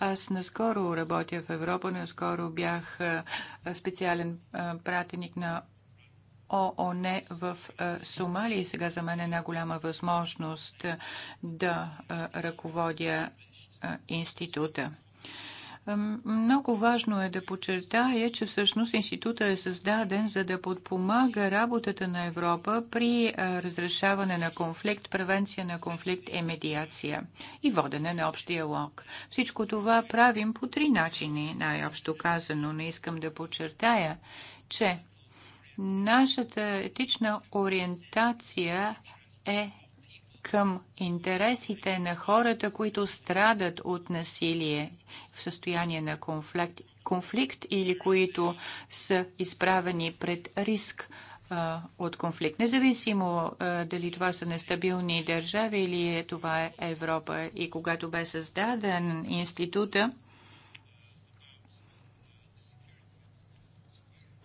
Аз наскоро работя в Европа, наскоро бях специален пратеник на ООН в е, Сомалия и сега за мен е една голяма възможност е, да е, ръководя института. Много важно е да подчертая, че всъщност института е създаден за да подпомага работата на Европа при разрешаване на конфликт, превенция на конфликт и медиация и водене на общ диалог. Всичко това правим по три начини, най-общо казано. Не искам да подчертая, че Нашата етична ориентация е към интересите на хората, които страдат от насилие в състояние на конфликт, конфликт или които са изправени пред риск а, от конфликт. Независимо а, дали това са нестабилни държави или е това е Европа. И когато бе създаден института,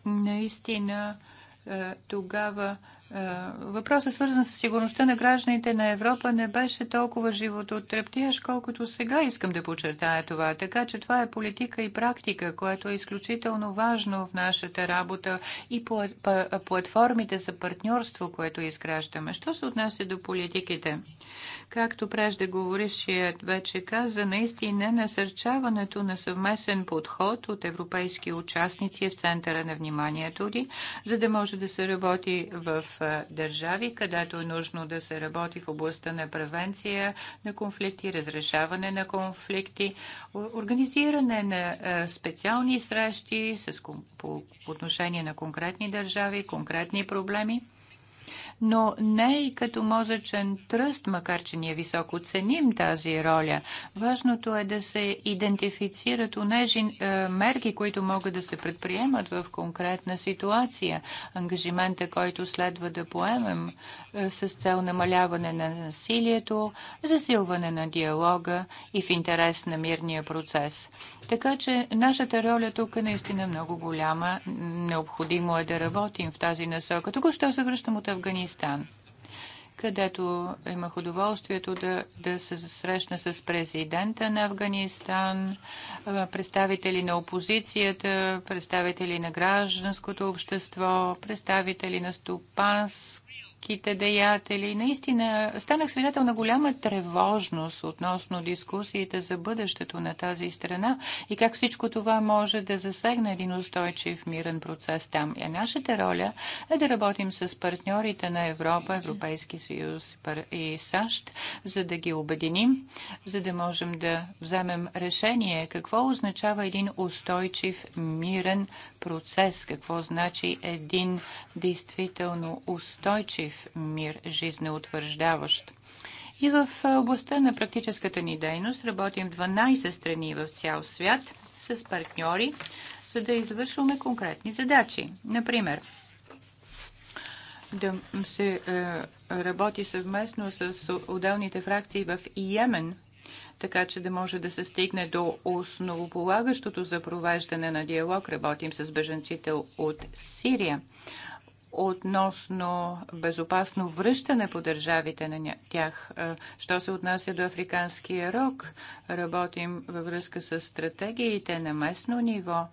наистина е, тогава е, въпросът свързан с сигурността на гражданите на Европа не беше толкова живототрептиящ, колкото сега искам да подчертая това. Така че това е политика и практика, което е изключително важно в нашата работа и платформите за партньорство, което изграждаме. Що се отнася до политиките? Както преждеговорившият вече каза, наистина насърчаването на съвместен подход от европейски участници е в центъра на вниманието ни, за да може да се работи в държави, където е нужно да се работи в областта на превенция на конфликти, разрешаване на конфликти, организиране на специални срещи с, по, по отношение на конкретни държави, конкретни проблеми но не и като мозъчен тръст, макар че ние високо ценим тази роля. Важното е да се идентифицират унежи е, мерки, които могат да се предприемат в конкретна ситуация. Ангажимента, който следва да поемем е, с цел намаляване на насилието, засилване на диалога и в интерес на мирния процес. Така че нашата роля тук е наистина много голяма. Необходимо е да работим в тази насока. Току-що се връщам от Афганистан където имах удоволствието да, да се срещна с президента на Афганистан, представители на опозицията, представители на гражданското общество, представители на стопанск тежките деятели. Наистина станах свидетел на голяма тревожност относно дискусиите за бъдещето на тази страна и как всичко това може да засегне един устойчив мирен процес там. И е, нашата роля е да работим с партньорите на Европа, Европейски съюз и САЩ, за да ги обединим, за да можем да вземем решение какво означава един устойчив мирен процес, какво значи един действително устойчив жив мир, жизнеутвърждаващ. И в областта на практическата ни дейност работим 12 страни в цял свят с партньори, за да извършваме конкретни задачи. Например, да се е, работи съвместно с отделните фракции в Йемен, така че да може да се стигне до основополагащото за провеждане на диалог. Работим с беженците от Сирия относно безопасно връщане по държавите на тях. Що се отнася до Африканския рок, работим във връзка с стратегиите на местно ниво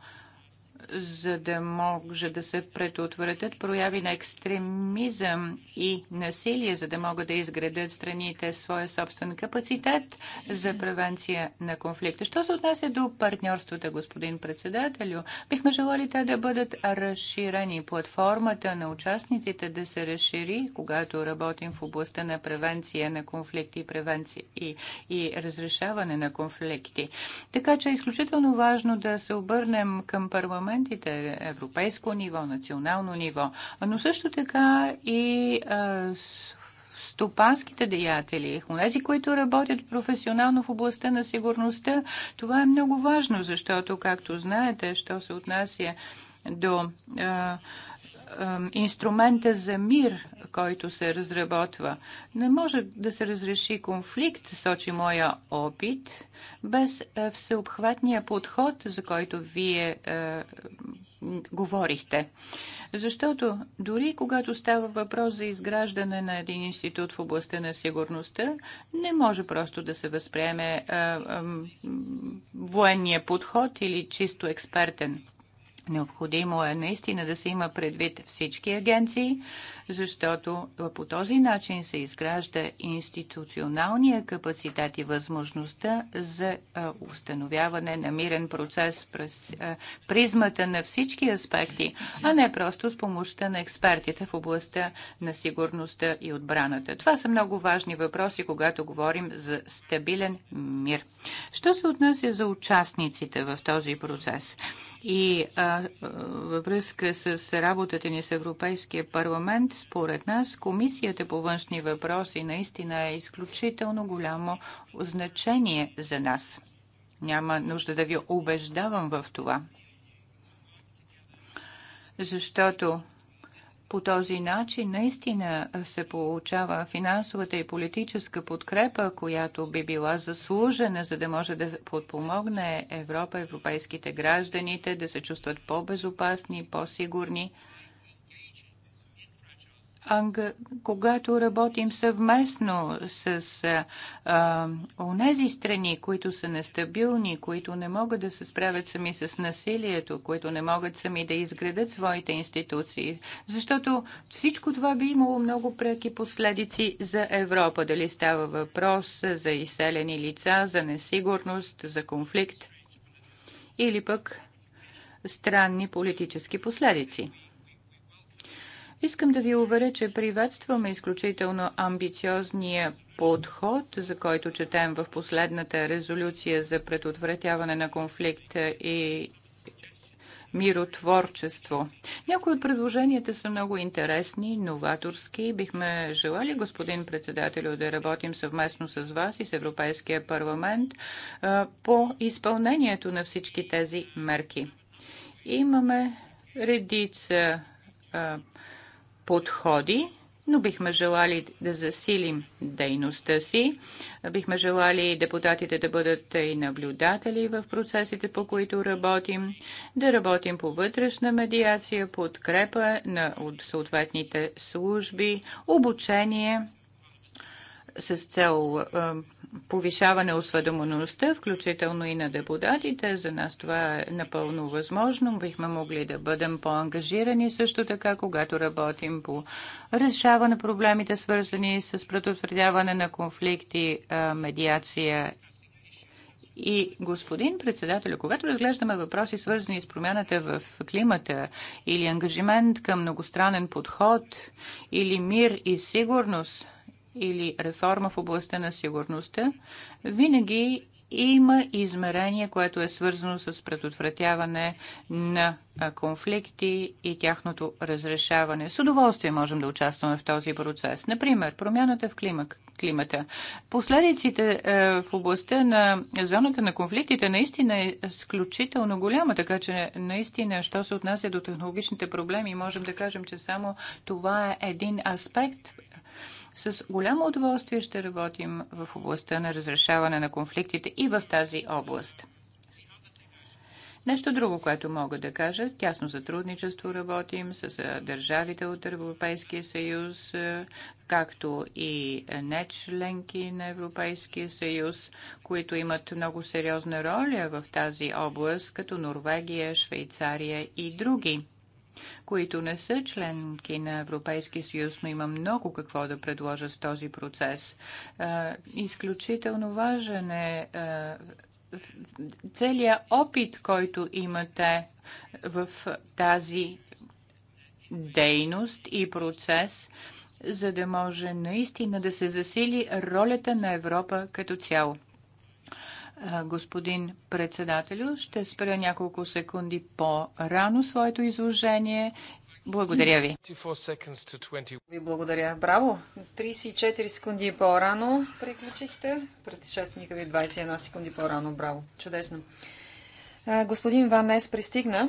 за да може да се предотвратят прояви на екстремизъм и насилие, за да могат да изградят страните своя собствен капацитет за превенция на конфликта. Що се отнася до партньорствата, господин председателю, бихме желали те да бъдат разширени. Платформата на участниците да се разшири, когато работим в областта на превенция на конфликти и превенция и, и разрешаване на конфликти. Така че е изключително важно да се обърнем към парламент парламентите, европейско ниво, национално ниво, но също така и а, стопанските деятели, онези, които работят професионално в областта на сигурността. Това е много важно, защото, както знаете, що се отнася до а, инструмента за мир, който се разработва. Не може да се разреши конфликт, сочи моя опит, без всеобхватния подход, за който вие е, говорихте. Защото дори когато става въпрос за изграждане на един институт в областта на сигурността, не може просто да се възприеме е, е, военния подход или чисто експертен. Необходимо е наистина да се има предвид всички агенции, защото по този начин се изгражда институционалния капацитет и възможността за установяване на мирен процес през призмата на всички аспекти, а не просто с помощта на експертите в областта на сигурността и отбраната. Това са много важни въпроси, когато говорим за стабилен мир. Що се отнася за участниците в този процес? И а, във връзка с работата ни с Европейския парламент, според нас Комисията по външни въпроси наистина е изключително голямо значение за нас. Няма нужда да ви убеждавам в това. Защото по този начин наистина се получава финансовата и политическа подкрепа, която би била заслужена, за да може да подпомогне Европа, европейските гражданите да се чувстват по-безопасни, по-сигурни анга... когато работим съвместно с а, онези страни, които са нестабилни, които не могат да се справят сами с насилието, които не могат сами да изградат своите институции. Защото всичко това би имало много преки последици за Европа. Дали става въпрос за изселени лица, за несигурност, за конфликт или пък странни политически последици. Искам да ви уверя, че приветстваме изключително амбициозния подход, за който четем в последната резолюция за предотвратяване на конфликт и миротворчество. Някои от предложенията са много интересни, новаторски. Бихме желали, господин председателю, да работим съвместно с вас и с Европейския парламент по изпълнението на всички тези мерки. Имаме редица подходи, но бихме желали да засилим дейността си. Бихме желали депутатите да бъдат и наблюдатели в процесите, по които работим, да работим по вътрешна медиация, подкрепа на от съответните служби, обучение с цел повишаване осведомеността, включително и на депутатите. За нас това е напълно възможно. Бихме могли да бъдем по-ангажирани също така, когато работим по решаване на проблемите, свързани с предотвратяване на конфликти, медиация и господин председател, когато разглеждаме въпроси, свързани с промяната в климата или ангажимент към многостранен подход или мир и сигурност, или реформа в областта на сигурността, винаги има измерение, което е свързано с предотвратяване на конфликти и тяхното разрешаване. С удоволствие можем да участваме в този процес. Например, промяната в климат, климата. Последиците е, в областта на зоната на конфликтите наистина е изключително голяма, така че наистина, що се отнася до технологичните проблеми, можем да кажем, че само това е един аспект с голямо удоволствие ще работим в областта на разрешаване на конфликтите и в тази област. Нещо друго, което мога да кажа, тясно сътрудничество работим с държавите от Европейския съюз, както и не членки на Европейския съюз, които имат много сериозна роля в тази област, като Норвегия, Швейцария и други които не са членки на Европейския съюз, но има много какво да предложат в този процес. Изключително важен е целият опит, който имате в тази дейност и процес, за да може наистина да се засили ролята на Европа като цяло господин председателю. Ще спра няколко секунди по-рано своето изложение. Благодаря ви. Ви благодаря. Браво! 34 секунди по-рано приключихте. Предшественика ви 21 секунди по-рано. Браво! Чудесно. Господин Ванес пристигна.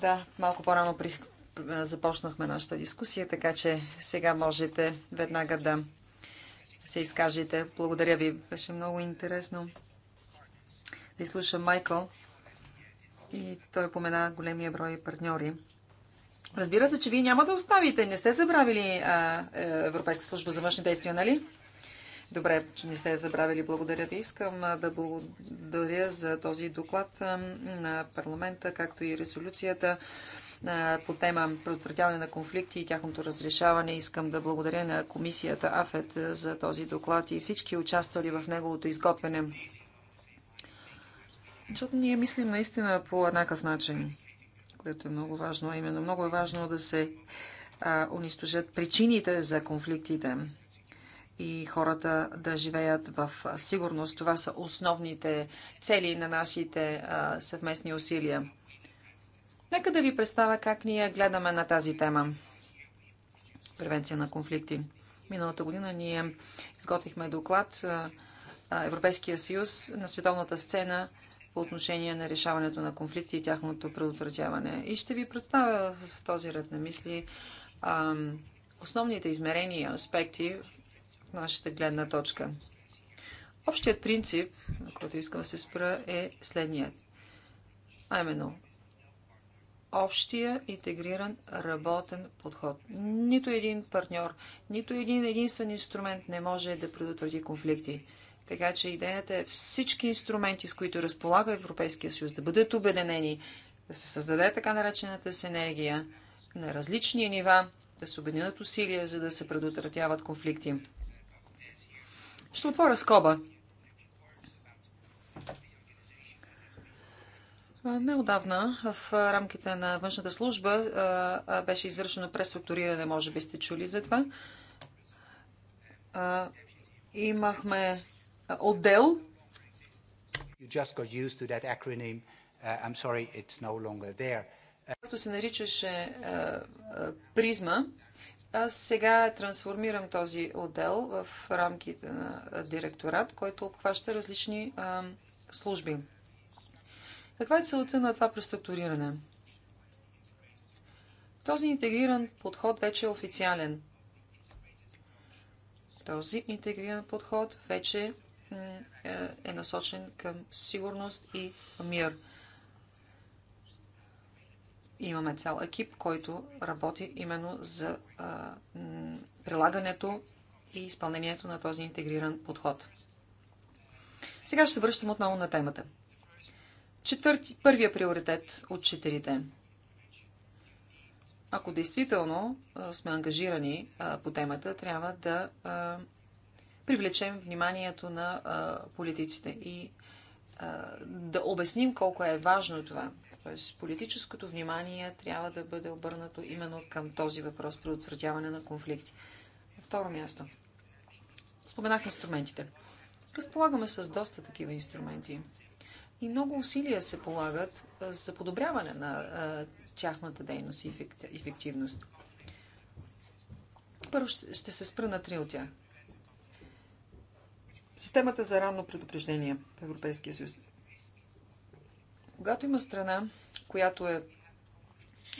Да, малко по-рано при започнахме нашата дискусия, така че сега можете веднага да се изкажете. Благодаря ви. Беше много интересно да изслушам Майкъл. И той помена големия брой партньори. Разбира се, че вие няма да оставите. Не сте забравили а, е, Европейска служба за външни действия, нали? Добре, че не сте забравили. Благодаря ви. Искам да благодаря за този доклад на парламента, както и резолюцията по тема предотвратяване на конфликти и тяхното разрешаване. Искам да благодаря на комисията АФЕТ за този доклад и всички участвали в неговото изготвяне. Защото ние мислим наистина по еднакъв начин, което е много важно. а Именно много е важно да се а, унищожат причините за конфликтите и хората да живеят в сигурност. Това са основните цели на нашите а, съвместни усилия. Нека да ви представя как ние гледаме на тази тема. Превенция на конфликти. Миналата година ние изготвихме доклад Европейския съюз на световната сцена по отношение на решаването на конфликти и тяхното предотвратяване. И ще ви представя в този ред на мисли основните измерения и аспекти в нашата гледна точка. Общият принцип, на който искам да се спра, е следният. А именно, общия интегриран работен подход. Нито един партньор, нито един единствен инструмент не може да предотврати конфликти. Така че идеята е всички инструменти, с които разполага Европейския съюз, да бъдат обединени, да се създаде така наречената синергия на различни нива, да се обединят усилия, за да се предотвратяват конфликти. Ще отворя скоба. Неодавна в рамките на външната служба беше извършено преструктуриране, може би сте чули за това. Имахме отдел. Uh, uh, който се наричаше призма. Аз сега трансформирам този отдел в рамките на директорат, който обхваща различни служби. Каква е целта на това преструктуриране? Този интегриран подход вече е официален. Този интегриран подход вече е, е насочен към сигурност и мир. Имаме цял екип, който работи именно за прилагането и изпълнението на този интегриран подход. Сега ще се връщам отново на темата четвърти, първия приоритет от четирите. Ако действително сме ангажирани по темата, трябва да привлечем вниманието на политиците и да обясним колко е важно това. Тоест, политическото внимание трябва да бъде обърнато именно към този въпрос предотвратяване на конфликти. На второ място. Споменах инструментите. Разполагаме с доста такива инструменти и много усилия се полагат за подобряване на тяхната дейност и ефективност. Първо ще се спра на три от тях. Системата за ранно предупреждение в Европейския съюз. Когато има страна, която е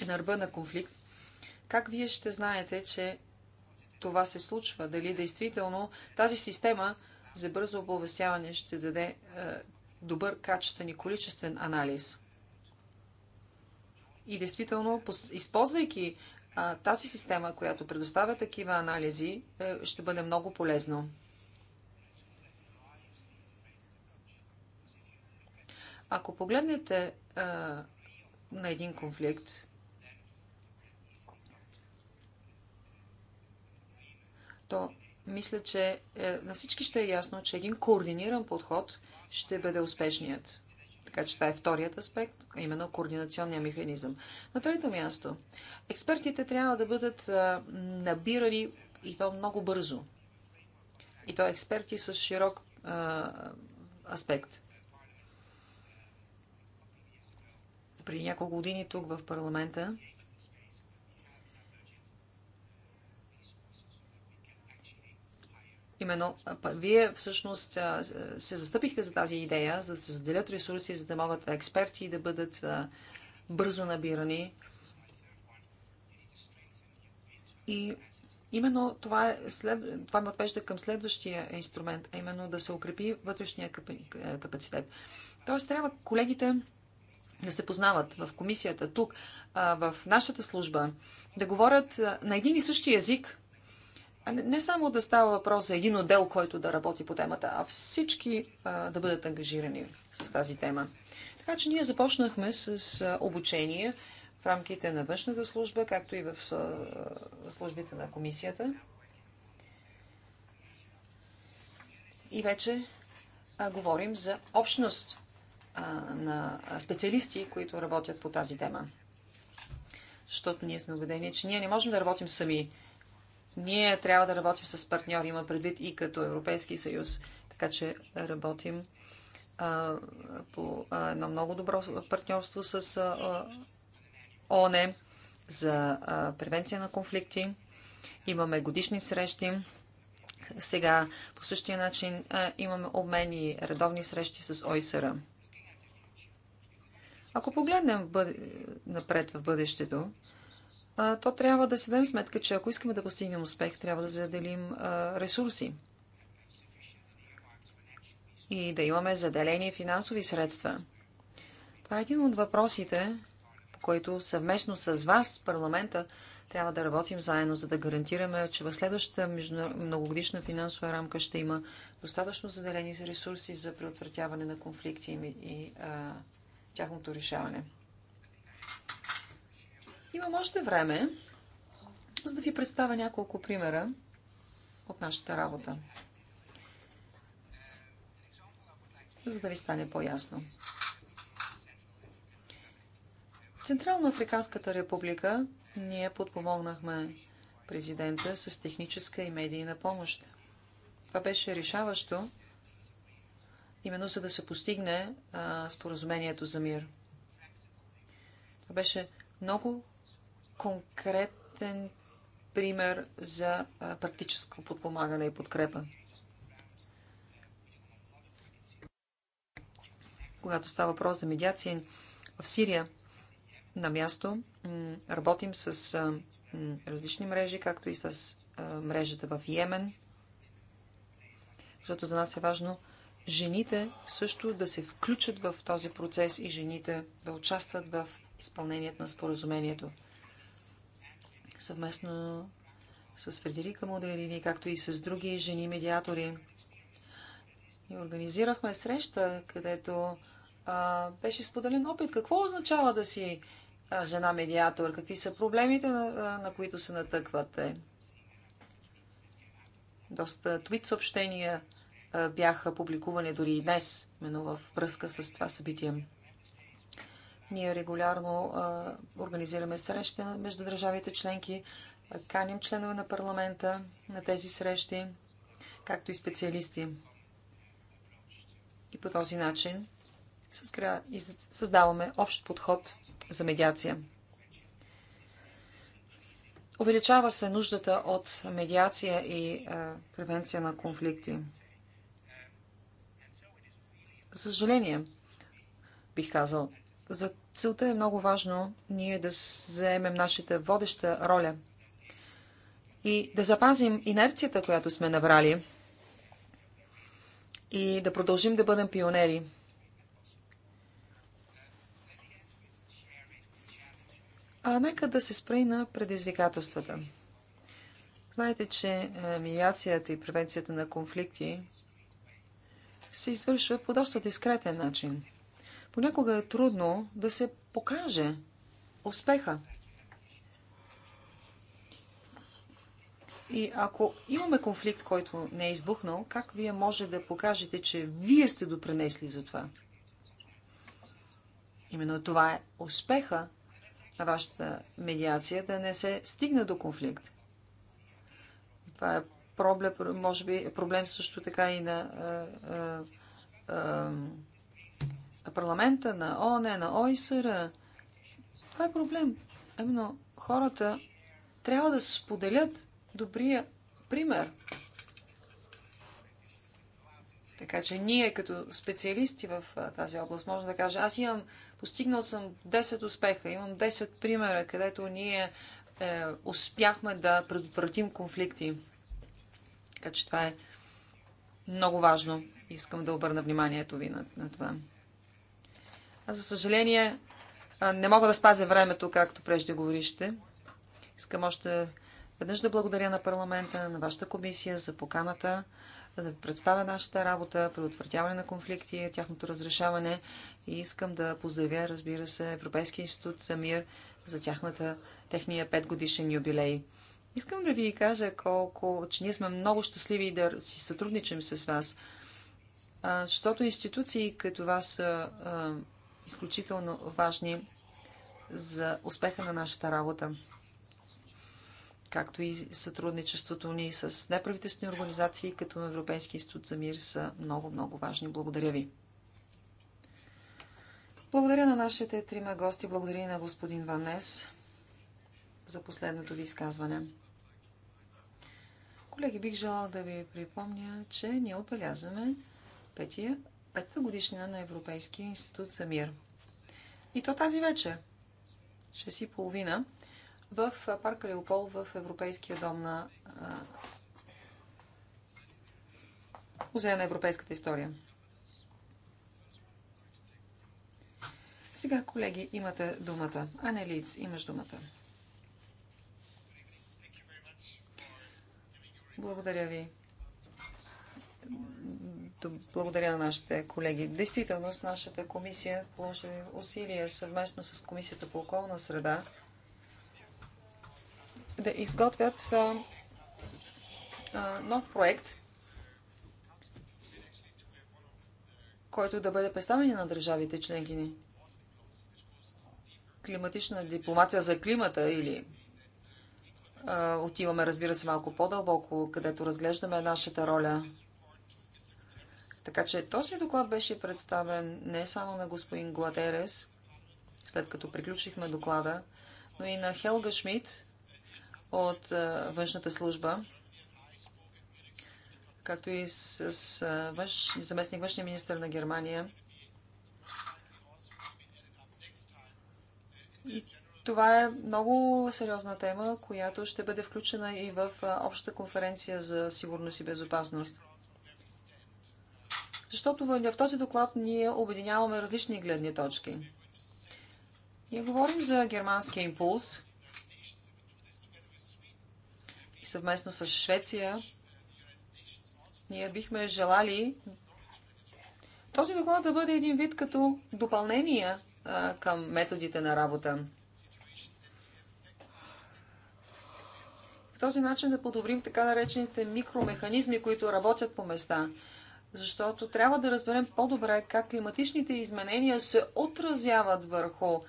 на ръба на конфликт, как вие ще знаете, че това се случва? Дали действително тази система за бързо оповестяване ще даде добър качествен и количествен анализ. И действително, използвайки а, тази система, която предоставя такива анализи, е, ще бъде много полезно. Ако погледнете а, на един конфликт, то мисля, че е, на всички ще е ясно, че един координиран подход – ще бъде успешният. Така че това е вторият аспект, а именно координационния механизъм. На трето място, експертите трябва да бъдат набирани и то много бързо. И то експерти с широк а, аспект. При няколко години тук в парламента Именно вие всъщност се застъпихте за тази идея, за да се заделят ресурси, за да могат експерти да бъдат бързо набирани. И именно това, е след... това ме отвежда към следващия инструмент, а именно да се укрепи вътрешния кап... капацитет. Тоест трябва колегите да се познават в комисията, тук, в нашата служба, да говорят на един и същи език, не само да става въпрос за един отдел, който да работи по темата, а всички а, да бъдат ангажирани с тази тема. Така че ние започнахме с а, обучение в рамките на външната служба, както и в а, службите на комисията. И вече а, говорим за общност а, на специалисти, които работят по тази тема. Защото ние сме убедени, че ние не можем да работим сами ние трябва да работим с партньори, има предвид и като Европейски съюз. Така че работим а, по а, едно много добро партньорство с а, ОНЕ за а, превенция на конфликти. Имаме годишни срещи. Сега по същия начин а, имаме обмени редовни срещи с ОИСР. Ако погледнем бъд... напред в бъдещето, то трябва да си дадем сметка, че ако искаме да постигнем успех, трябва да заделим ресурси и да имаме заделени финансови средства. Това е един от въпросите, по който съвместно с вас, парламента, трябва да работим заедно, за да гарантираме, че в следващата многогодишна финансова рамка ще има достатъчно заделени ресурси за предотвратяване на конфликти и, и а, тяхното решаване. Имам още време, за да ви представя няколко примера от нашата работа. За да ви стане по-ясно. Централно Африканската република ние подпомогнахме президента с техническа и медийна помощ. Това беше решаващо, именно за да се постигне а, споразумението за мир. Това беше много конкретен пример за практическо подпомагане и подкрепа. Когато става въпрос за медиация в Сирия, на място работим с различни мрежи, както и с мрежата в Йемен, защото за нас е важно жените също да се включат в този процес и жените да участват в изпълнението на споразумението съвместно с Фредерика Модерини, както и с други жени-медиатори. И организирахме среща, където а, беше споделен опит. Какво означава да си жена-медиатор? Какви са проблемите, на, на които се натъквате? Доста твит съобщения бяха публикувани дори и днес, именно в връзка с това събитие. Ние регулярно а, организираме срещи между държавите членки, каним членове на парламента на тези срещи, както и специалисти. И по този начин създаваме общ подход за медиация. Увеличава се нуждата от медиация и а, превенция на конфликти. За съжаление, бих казал, за целта е много важно ние да заемем нашата водеща роля и да запазим инерцията, която сме набрали и да продължим да бъдем пионери. А нека да се спре на предизвикателствата. Знаете, че е, медиацията и превенцията на конфликти се извършва по доста дискретен начин – Понякога е трудно да се покаже успеха. И ако имаме конфликт, който не е избухнал, как вие може да покажете, че вие сте допренесли за това? Именно това е успеха на вашата медиация, да не се стигне до конфликт. Това е проблем, може би, е проблем също така и на а, а, а, парламента, на ООН, на ОИСР. Това е проблем. Именно хората трябва да споделят добрия пример. Така че ние като специалисти в тази област може да кажем, аз имам, постигнал съм 10 успеха, имам 10 примера, където ние е, успяхме да предотвратим конфликти. Така че това е много важно. Искам да обърна вниманието ви на, на това. За съжаление, не мога да спазя времето, както прежде говорище. Искам още веднъж да благодаря на парламента, на вашата комисия за поканата да представя нашата работа, предотвратяване на конфликти, тяхното разрешаване и искам да поздравя, разбира се, Европейския институт за мир за тяхната, техния петгодишен юбилей. Искам да ви кажа колко, че ние сме много щастливи да си сътрудничим с вас, защото институции като вас изключително важни за успеха на нашата работа, както и сътрудничеството ни с неправителствени организации, като Европейски институт за мир, са много-много важни. Благодаря ви. Благодаря на нашите трима гости, благодаря и на господин Ванес за последното ви изказване. Колеги, бих желала да ви припомня, че ние отбелязваме петия петата годишнина на Европейския институт за мир. И то тази вечер, 6.30, в парка Леопол в Европейския дом на Музея на европейската история. Сега, колеги, имате думата. Анелиц, имаш думата. Благодаря ви благодаря на нашите колеги. Действително, с нашата комисия положи усилия съвместно с Комисията по околна среда да изготвят а, а, нов проект, който да бъде представен на държавите членки ни. Климатична дипломация за климата или а, отиваме, разбира се, малко по-дълбоко, където разглеждаме нашата роля – така че този доклад беше представен не само на господин Гладерес, след като приключихме доклада, но и на Хелга Шмидт от външната служба, както и с, заместник външния министр на Германия. И това е много сериозна тема, която ще бъде включена и в общата конференция за сигурност и безопасност защото в този доклад ние обединяваме различни гледни точки. Ние говорим за германския импулс и съвместно с Швеция ние бихме желали този доклад да бъде един вид като допълнение а, към методите на работа. По този начин да подобрим така наречените микромеханизми, които работят по места – защото трябва да разберем по-добре как климатичните изменения се отразяват върху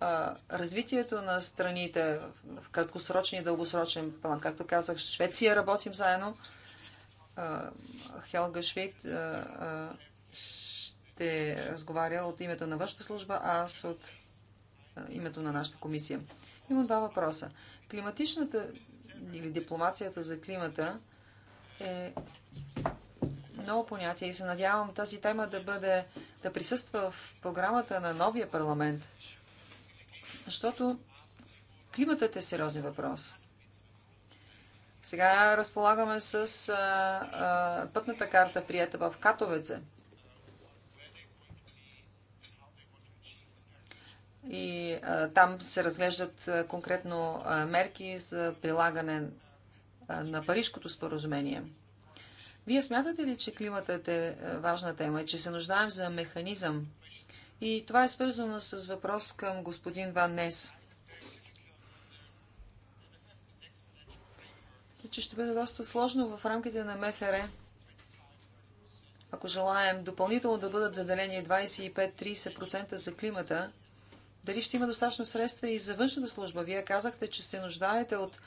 а, развитието на страните в краткосрочен и дългосрочен план. Както казах, в Швеция работим заедно. А, Хелга Швейт а, ще разговаря от името на вашата служба, а аз от името на нашата комисия. Има два въпроса. Климатичната или дипломацията за климата е ново понятие и се надявам тази тема да бъде, да присъства в програмата на новия парламент. Защото климатът е сериозен въпрос. Сега разполагаме с а, а, пътната карта, прията в Катовеце. И а, там се разглеждат а, конкретно а, мерки за прилагане а, на Парижкото споразумение. Вие смятате ли, че климатът е, е важна тема и че се нуждаем за механизъм? И това е свързано с въпрос към господин Ван Нес. че ще бъде доста сложно в рамките на МФР. Ако желаем допълнително да бъдат заделени 25-30% за климата, дали ще има достатъчно средства и за външната служба? Вие казахте, че се нуждаете от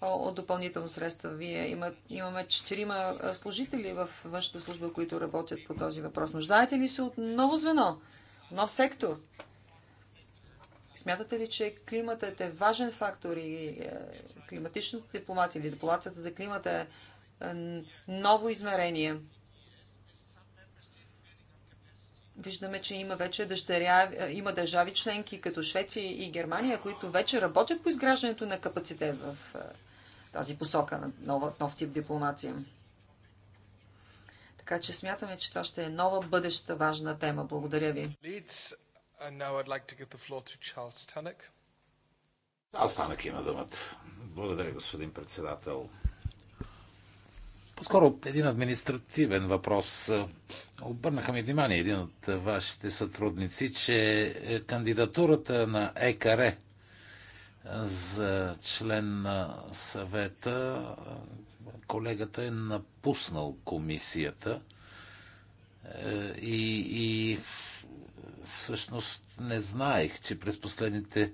от допълнително средства. Вие има, имаме четирима служители в външната служба, които работят по този въпрос. Нуждаете ли се от ново звено, нов сектор? Смятате ли, че климатът е важен фактор и е, климатичната дипломация или дипломацията за климата е, е ново измерение? Виждаме, че има вече дъщеря, е, има държави членки като Швеция и Германия, които вече работят по изграждането на капацитет в тази посока на нова, нов тип дипломация. Така че смятаме, че това ще е нова бъдеща важна тема. Благодаря ви. Аз станах има думата. Благодаря, господин председател. По-скоро един административен въпрос. Обърнаха ми внимание един от вашите сътрудници, че кандидатурата на ЕКАРЕ за член на съвета. Колегата е напуснал комисията е, и, и всъщност не знаех, че през последните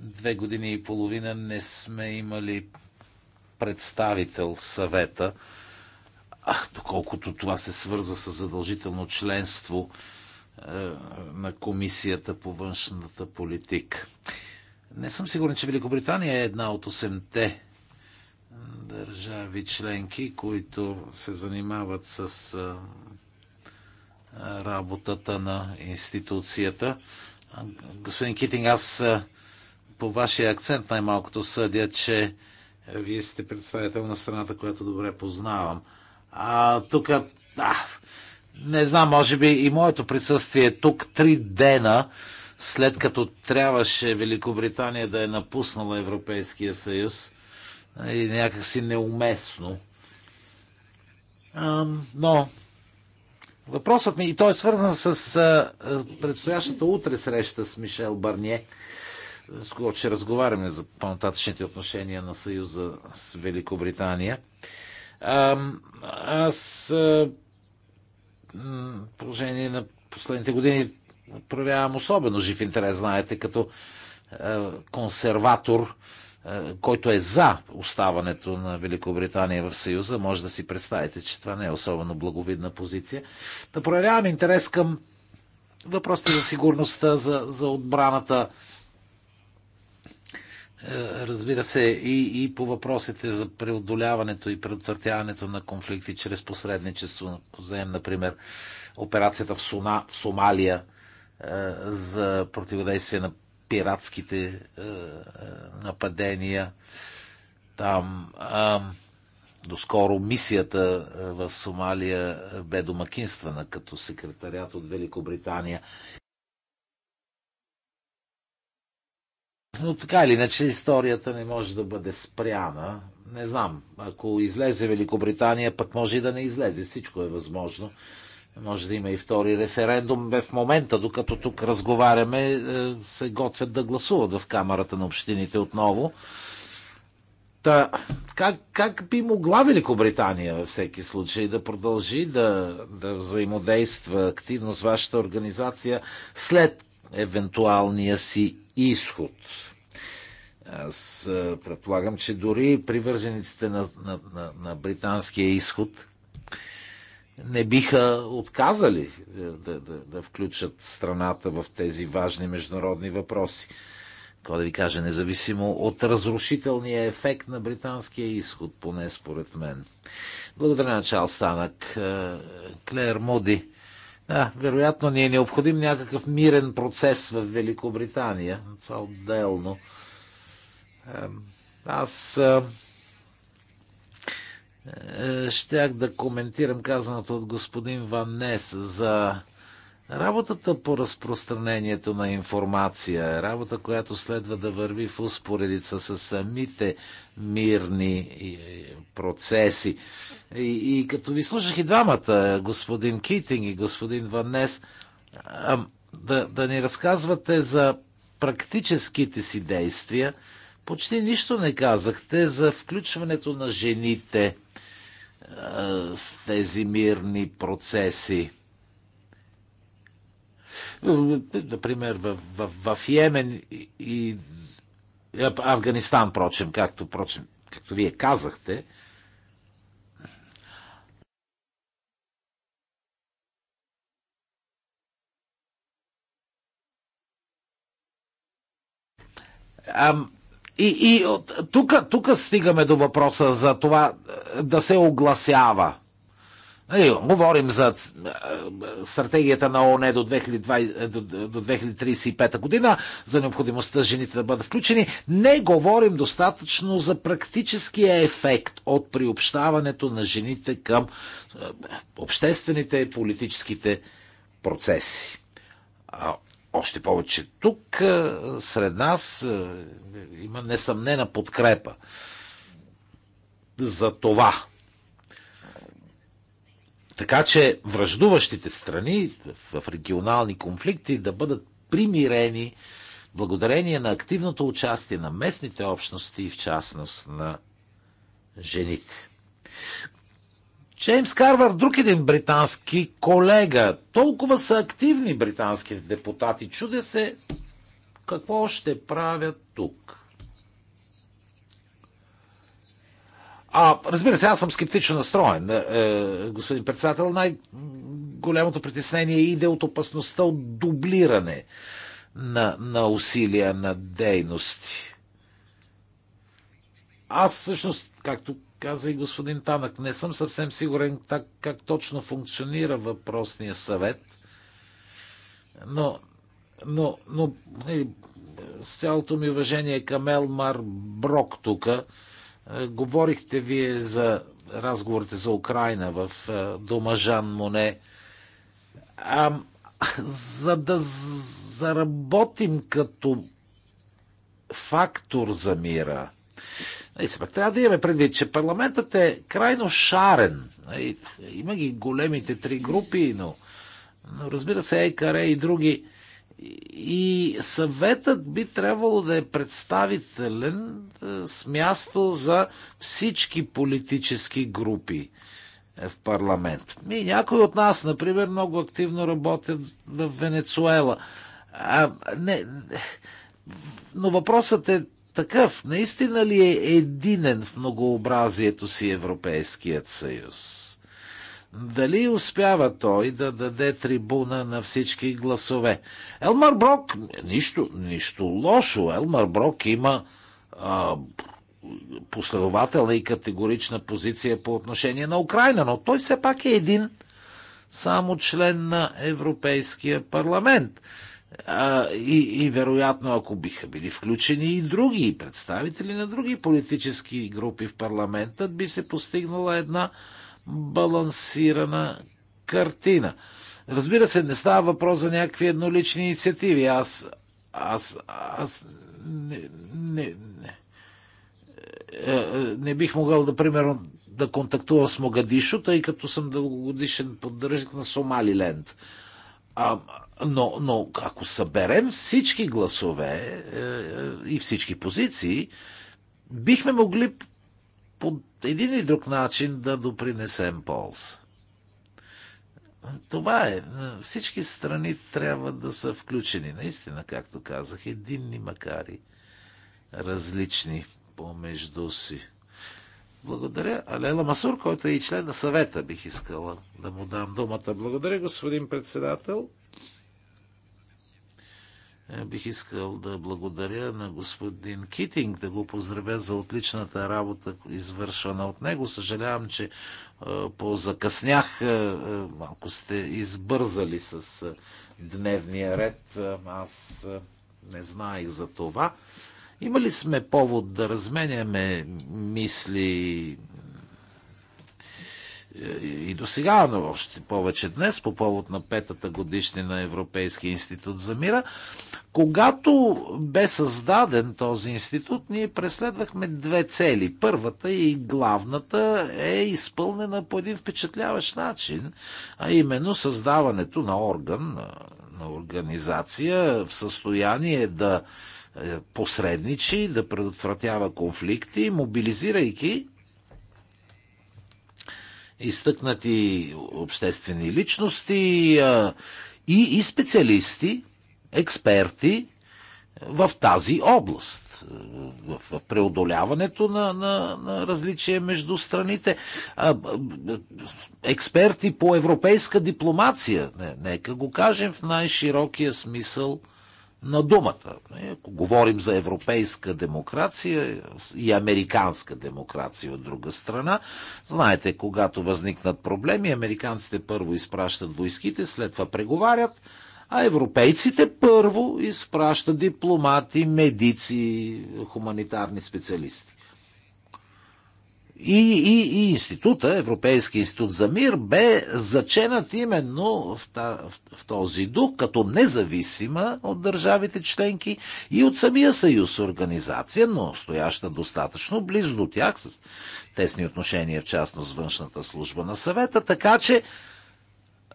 две години и половина не сме имали представител в съвета. А, доколкото това се свързва с задължително членство е, на Комисията по външната политика. Не съм сигурен, че Великобритания е една от 8-те държави членки, които се занимават с работата на институцията. Господин Китинг, аз по вашия акцент най-малкото съдя, че вие сте представител на страната, която добре познавам. А тук, не знам, може би и моето присъствие е тук три дена след като трябваше Великобритания да е напуснала Европейския съюз и някакси неуместно. Но въпросът ми, и той е свързан с предстоящата утре среща с Мишел Барние, с когото ще разговаряме за по-нататъчните отношения на Съюза с Великобритания. Аз в положение на последните години проявявам особено жив интерес, знаете, като е, консерватор, е, който е за оставането на Великобритания в Съюза, може да си представите, че това не е особено благовидна позиция. Да проявявам интерес към въпросите за сигурността, за, за отбраната, е, разбира се, и, и по въпросите за преодоляването и предотвратяването на конфликти чрез посредничество, ако вземем, например, операцията в, Суна, в Сомалия – е, за противодействие на пиратските е, е, нападения. Там доскоро мисията в Сомалия бе домакинствана като секретарят от Великобритания. Но така или иначе историята не може да бъде спряна. Не знам, ако излезе Великобритания, пък може и да не излезе. Всичко е възможно. Може да има и втори референдум. Бе в момента, докато тук разговаряме, е, се готвят да гласуват в Камерата на общините отново. Та, как, как би могла Великобритания във всеки случай да продължи да, да взаимодейства активно с вашата организация след евентуалния си изход? Аз е, предполагам, че дори привържениците на, на, на, на британския изход не биха отказали е, да, да, да включат страната в тези важни международни въпроси. Какво да ви кажа, независимо от разрушителния ефект на британския изход, поне според мен. Благодаря на Чал Станък. Е, Клер Муди. Да, вероятно ни е необходим някакъв мирен процес в Великобритания. Това отделно. Аз е, е, щях да коментирам казаното от господин Ван Нес за работата по разпространението на информация, работа, която следва да върви в успоредица с самите мирни е, процеси. И, и като ви слушах и двамата, господин Китинг и господин Ван Нес, да, да ни разказвате за практическите си действия, почти нищо не казахте за включването на жените – в е, тези мирни процеси. Например, в, в, в Йемен и Афганистан, прочим, както, прочим, както вие казахте, Ам, и, и от, тук, тук стигаме до въпроса за това е, да се огласява. И, нали, говорим за е, стратегията на ОНЕ до, 2020, е, до, до 2035 година, за необходимостта жените да бъдат включени. Не говорим достатъчно за практическия ефект от приобщаването на жените към обществените и политическите процеси. Още повече тук е, сред нас е, има несъмнена подкрепа за това. Така че връждуващите страни в регионални конфликти да бъдат примирени благодарение на активното участие на местните общности и в частност на жените. Джеймс Карвар, друг един британски колега. Толкова са активни британските депутати. Чуде се какво ще правят тук. А, разбира се, аз съм скептично настроен, е, е, господин председател. Най-голямото притеснение иде от опасността от дублиране на, на усилия, на дейности. Аз всъщност, както каза и господин Танък. Не съм съвсем сигурен так, как точно функционира въпросния съвет, но, но, но е, с цялото ми уважение към Елмар Брок тук, е, говорихте вие за разговорите за Украина в е, дома Жан Моне. А, за да заработим като фактор за мира, и нали, се трябва да имаме предвид, че парламентът е крайно шарен. Нали, има ги големите три групи, но, но разбира се, ЕКАРЕ и други. И съветът би трябвало да е представителен е, с място за всички политически групи е, в парламент. И някои от нас, например, много активно работят в Венецуела. А, не, но въпросът е такъв? Наистина ли е единен в многообразието си Европейският съюз? Дали успява той да даде трибуна на всички гласове? Елмар Брок, нищо, нищо лошо. Елмар Брок има а, последователна и категорична позиция по отношение на Украина, но той все пак е един само член на Европейския парламент. А, и, и вероятно, ако биха били включени и други представители на други политически групи в парламентът, би се постигнала една балансирана картина. Разбира се, не става въпрос за някакви еднолични инициативи. Аз. Аз. Аз. Не. Не, не. Е, е, не бих могъл да, примерно, да контактувам с Могадишо, тъй като съм дългогодишен поддръжник на Сомалиленд. А, но, но ако съберем всички гласове е, е, и всички позиции, бихме могли по един или друг начин да допринесем полза. Това е. Всички страни трябва да са включени. Наистина, както казах, единни, макари различни помежду си. Благодаря. Алела Масур, който е и член на съвета, бих искала да му дам думата. Благодаря, господин председател. Е, бих искал да благодаря на господин Китинг, да го поздравя за отличната работа, извършвана от него. Съжалявам, че е, позакъснях. Е, Ако сте избързали с дневния ред. Аз не знаех за това. Имали сме повод да разменяме мисли и до сега, но още повече днес, по повод на петата на Европейския институт за мира. Когато бе създаден този институт, ние преследвахме две цели. Първата и главната е изпълнена по един впечатляващ начин, а именно създаването на орган, на организация в състояние да е, посредничи, да предотвратява конфликти, мобилизирайки изтъкнати обществени личности и, специалисти, експерти е, в тази област, е, в, преодоляването на, на, на различие между страните. Експерти по европейска дипломация, не, нека го кажем в най-широкия смисъл на думата. Е, ако говорим за европейска демокрация и американска демокрация от друга страна, знаете, когато възникнат проблеми, американците първо изпращат войските, след това преговарят, а европейците първо изпращат дипломати, медици, хуманитарни специалисти. И, и, и института, Европейски институт за мир, бе заченат именно в, та, в този дух, като независима от държавите членки и от самия съюз организация, но стояща достатъчно близо до тях, с тесни отношения в частност с външната служба на съвета, така че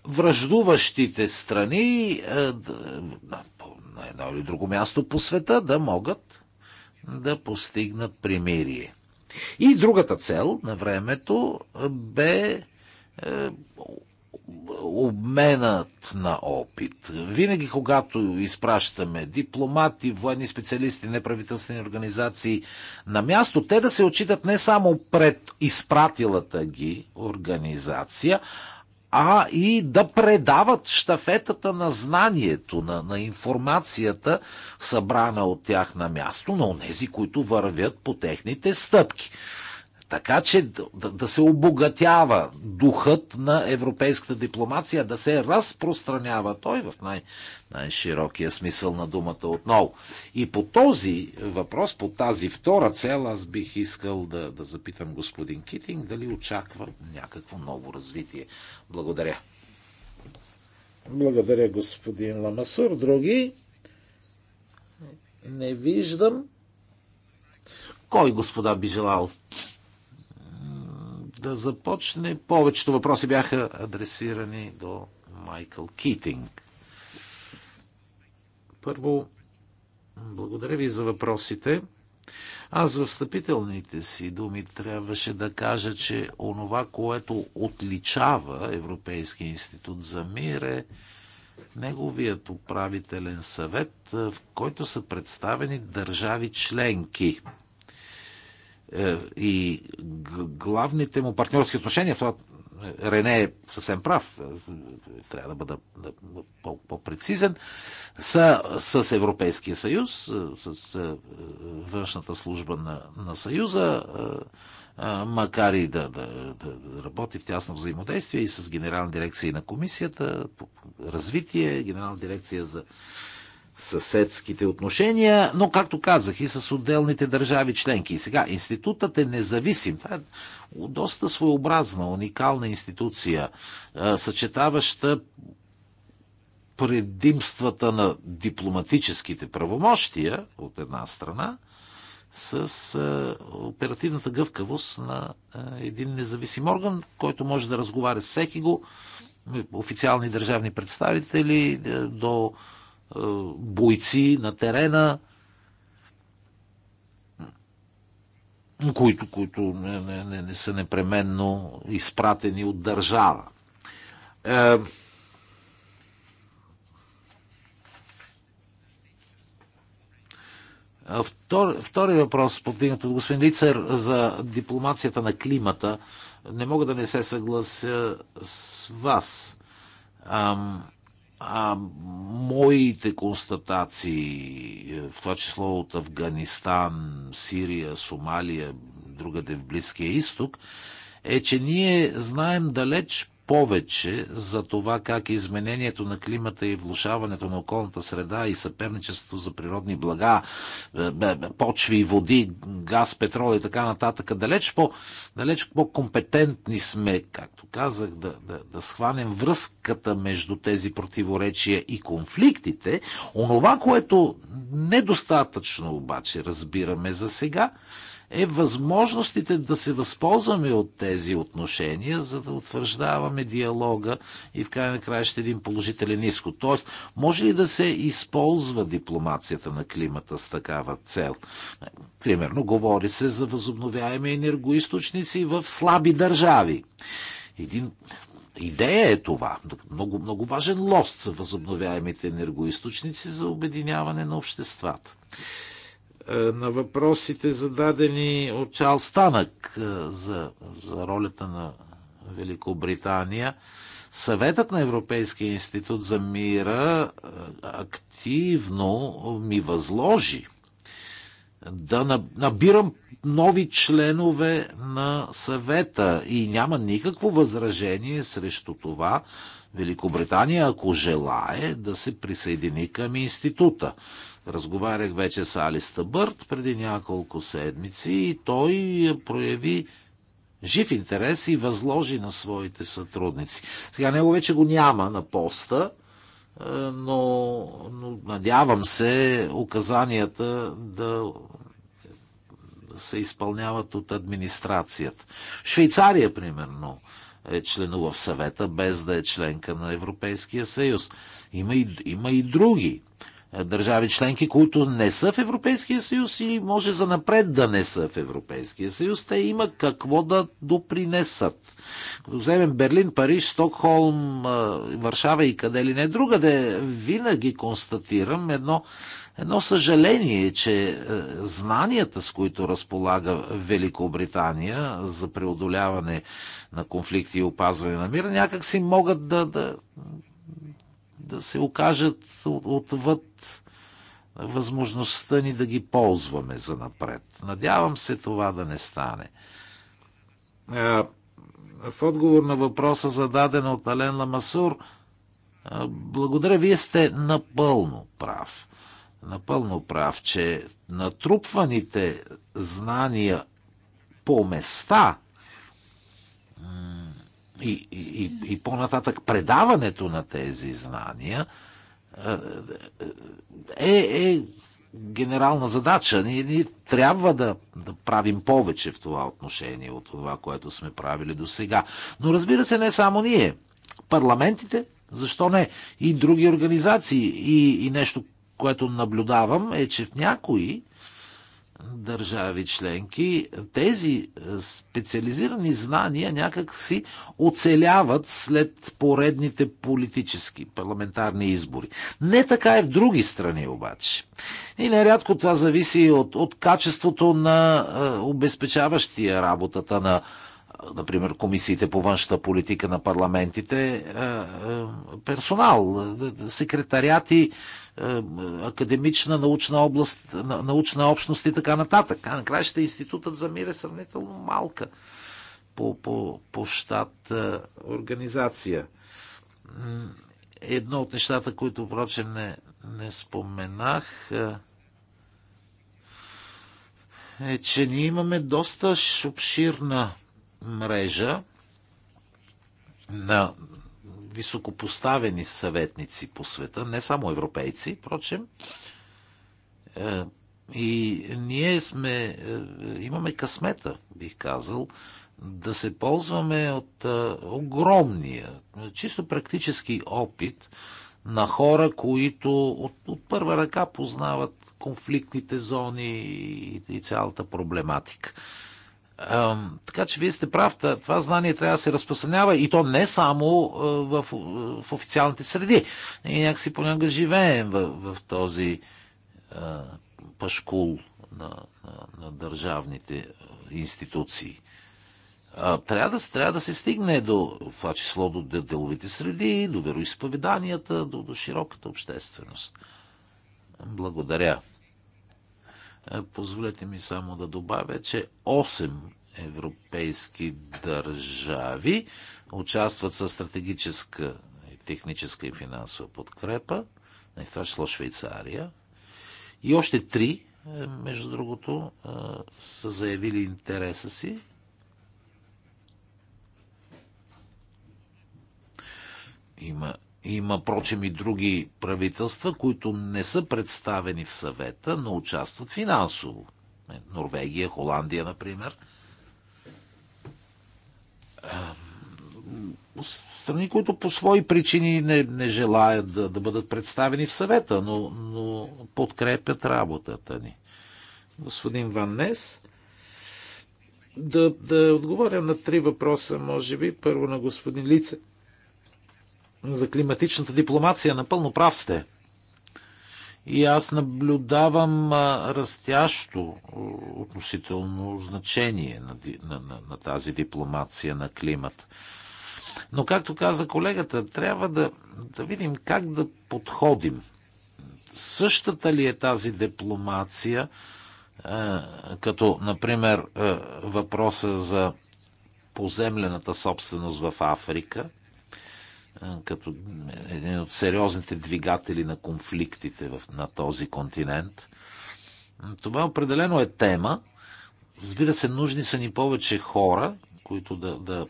връждуващите страни е, на едно или друго място по света да могат да постигнат примирие. И другата цел на времето бе е, обменът на опит. Винаги, когато изпращаме дипломати, военни специалисти, неправителствени организации на място, те да се отчитат не само пред изпратилата ги организация, а и да предават штафетата на знанието, на, на информацията, събрана от тях на място, на онези, които вървят по техните стъпки. Така че да, да се обогатява духът на европейската дипломация, да се разпространява той в най- най-широкия смисъл на думата отново. И по този въпрос, по тази втора цел, аз бих искал да, да запитам господин Китинг дали очаква някакво ново развитие. Благодаря. Благодаря, господин Ламасур. Други? Не виждам. Кой, господа, би желал да започне? Повечето въпроси бяха адресирани до Майкъл Китинг. Първо, благодаря ви за въпросите. Аз в встъпителните си думи трябваше да кажа, че онова, което отличава Европейския институт за мир е неговият управителен съвет, е, в който са представени държави членки е, и главните му партньорски отношения, в това Рене е съвсем прав, трябва да бъда по-прецизен, са с Европейския съюз, с е, външната служба на, на съюза, е, е, макар и да, да, да работи в тясно взаимодействие и с Генерална дирекция на комисията, по развитие, Генерална дирекция за съседските отношения, но както казах и с отделните държави членки. И сега институтът е независим. Това е доста своеобразна, уникална институция, съчетаваща предимствата на дипломатическите правомощия от една страна с оперативната гъвкавост на един независим орган, който може да разговаря с всеки го, официални държавни представители до е, бойци на терена, които, които не, не, не, не са непременно изпратени от държава. Е, Втори, втори въпрос, повдигнат от господин Лицер, за дипломацията на климата. Не мога да не се съглася с вас. Ам, а моите констатации, е, в това число от Афганистан, Сирия, Сомалия, другаде в Близкия изток, е, че ние знаем далеч повече за това как изменението на климата и влушаването на околната среда и съперничеството за природни блага, е, е, е, почви, води, газ, петрол и така нататък, далеч, по, далеч по-компетентни сме, както казах, да, да, да схванем връзката между тези противоречия и конфликтите. Онова, което недостатъчно обаче разбираме за сега, е възможностите да се възползваме от тези отношения, за да утвърждаваме диалога и в край на края ще е един положителен изход. Тоест, може ли да се използва дипломацията на климата с такава цел? Примерно, говори се за възобновяеми енергоисточници в слаби държави. Един Идея е това. Много, много важен лост са възобновяемите енергоисточници за обединяване на обществата. Е, на въпросите зададени от Чарл Станък е, за, за ролята на Великобритания. Съветът на Европейския институт за мира е, активно ми възложи да набирам нови членове на съвета и няма никакво възражение срещу това Великобритания, ако желае, да се присъедини към института. Разговарях вече с Алиста Бърт преди няколко седмици и той прояви жив интерес и възложи на своите сътрудници. Сега него вече го няма на поста, е, но, но надявам се указанията да се изпълняват от администрацията. Швейцария, примерно, е членува в съвета, без да е членка на Европейския съюз. Има и, има и други. Е, държави членки, които не са в Европейския съюз или може за напред да не са в Европейския съюз, те има какво да допринесат. Като вземем Берлин, Париж, Стокхолм, е, Варшава и къде ли не другаде, винаги констатирам едно едно съжаление, че е, знанията, с които разполага Великобритания за преодоляване на конфликти и опазване на мира, някак си могат да, да, да се окажат отвъд възможността ни да ги ползваме за напред. Надявам се това да не стане. В отговор на въпроса зададен от Ален Ламасур, благодаря, вие сте напълно прав. Напълно прав, че натрупваните знания по места и, и, и по-нататък предаването на тези знания е, е, е генерална задача. Ние, ние трябва да, да правим повече в това отношение от това, което сме правили до сега. Но разбира се, не само ние. Парламентите, защо не? И други организации. И, и нещо, което наблюдавам е, че в някои държави членки, тези е, специализирани знания някак си оцеляват след поредните политически парламентарни избори. Не така е в други страни обаче. И нерядко това зависи от, от качеството на е, обезпечаващия работата на например, комисиите по външната политика на парламентите, е, е, персонал, секретариати, е, академична научна област, научна общност и така нататък. А накрая ще институтът за мир е сравнително малка по, по, по щат организация. Едно от нещата, които, впрочем, не, не споменах, е, че ние имаме доста обширна мрежа на високопоставени съветници по света, не само европейци, впрочем. Е, и ние сме, е, имаме късмета, бих казал, да се ползваме от е, огромния, чисто практически опит на хора, които от, от първа ръка познават конфликтните зони и, и цялата проблематика така че вие сте прав, това знание трябва да се разпространява и то не само в, в официалните среди. И някакси понякога живеем в, в този а, пашкул на, на, на държавните институции. А, трябва, да, трябва да се стигне до, това число до деловите среди, до вероисповеданията, до, до широката общественост. Благодаря. Е, позволете ми само да добавя, че 8 европейски държави участват със стратегическа, техническа и финансова подкрепа, на това число Швейцария. И още три, е, между другото, е, са заявили интереса си. Има има, прочим, и други правителства, които не са представени в съвета, но участват финансово. Е, Норвегия, Холандия, например. Страни, които по свои причини не, не желаят да, да бъдат представени в съвета, но, но подкрепят работата ни. Господин Ваннес да, да отговоря на три въпроса, може би. Първо на господин Лице за климатичната дипломация. Напълно прав сте. И аз наблюдавам растящо относително значение на, на, на, на тази дипломация на климат. Но, както каза колегата, трябва да, да видим как да подходим. Същата ли е тази дипломация, като, например, въпроса за поземлената собственост в Африка, като един от сериозните двигатели на конфликтите на този континент. Това определено е тема. Разбира се, нужни са ни повече хора, които да, да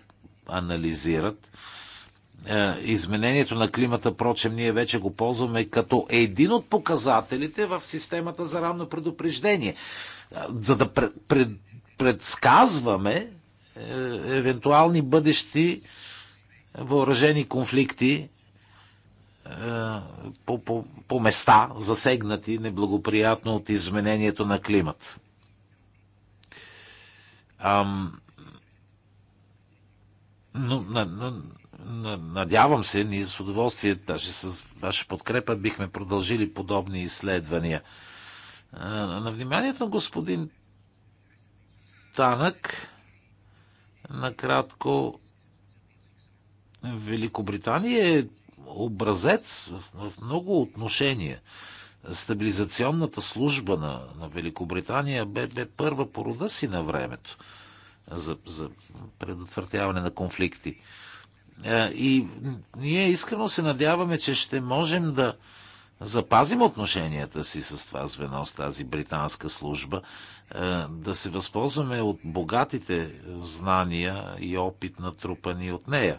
анализират. Е, изменението на климата, прочем, ние вече го ползваме като един от показателите в системата за ранно предупреждение. Е, за да пред, пред, предсказваме е, евентуални бъдещи въоръжени конфликти е, по, по, по места, засегнати неблагоприятно от изменението на климат. Ам, но, на, на, на, надявам се, ние с удоволствие, даже с ваша подкрепа, бихме продължили подобни изследвания. А, на вниманието на господин Танък, накратко Великобритания е образец в много отношения. Стабилизационната служба на, на Великобритания бе, бе първа по рода си на времето за, за предотвратяване на конфликти. Е, и ние искрено се надяваме, че ще можем да запазим отношенията си с това звено, с тази британска служба, е, да се възползваме от богатите знания и опит натрупани от нея.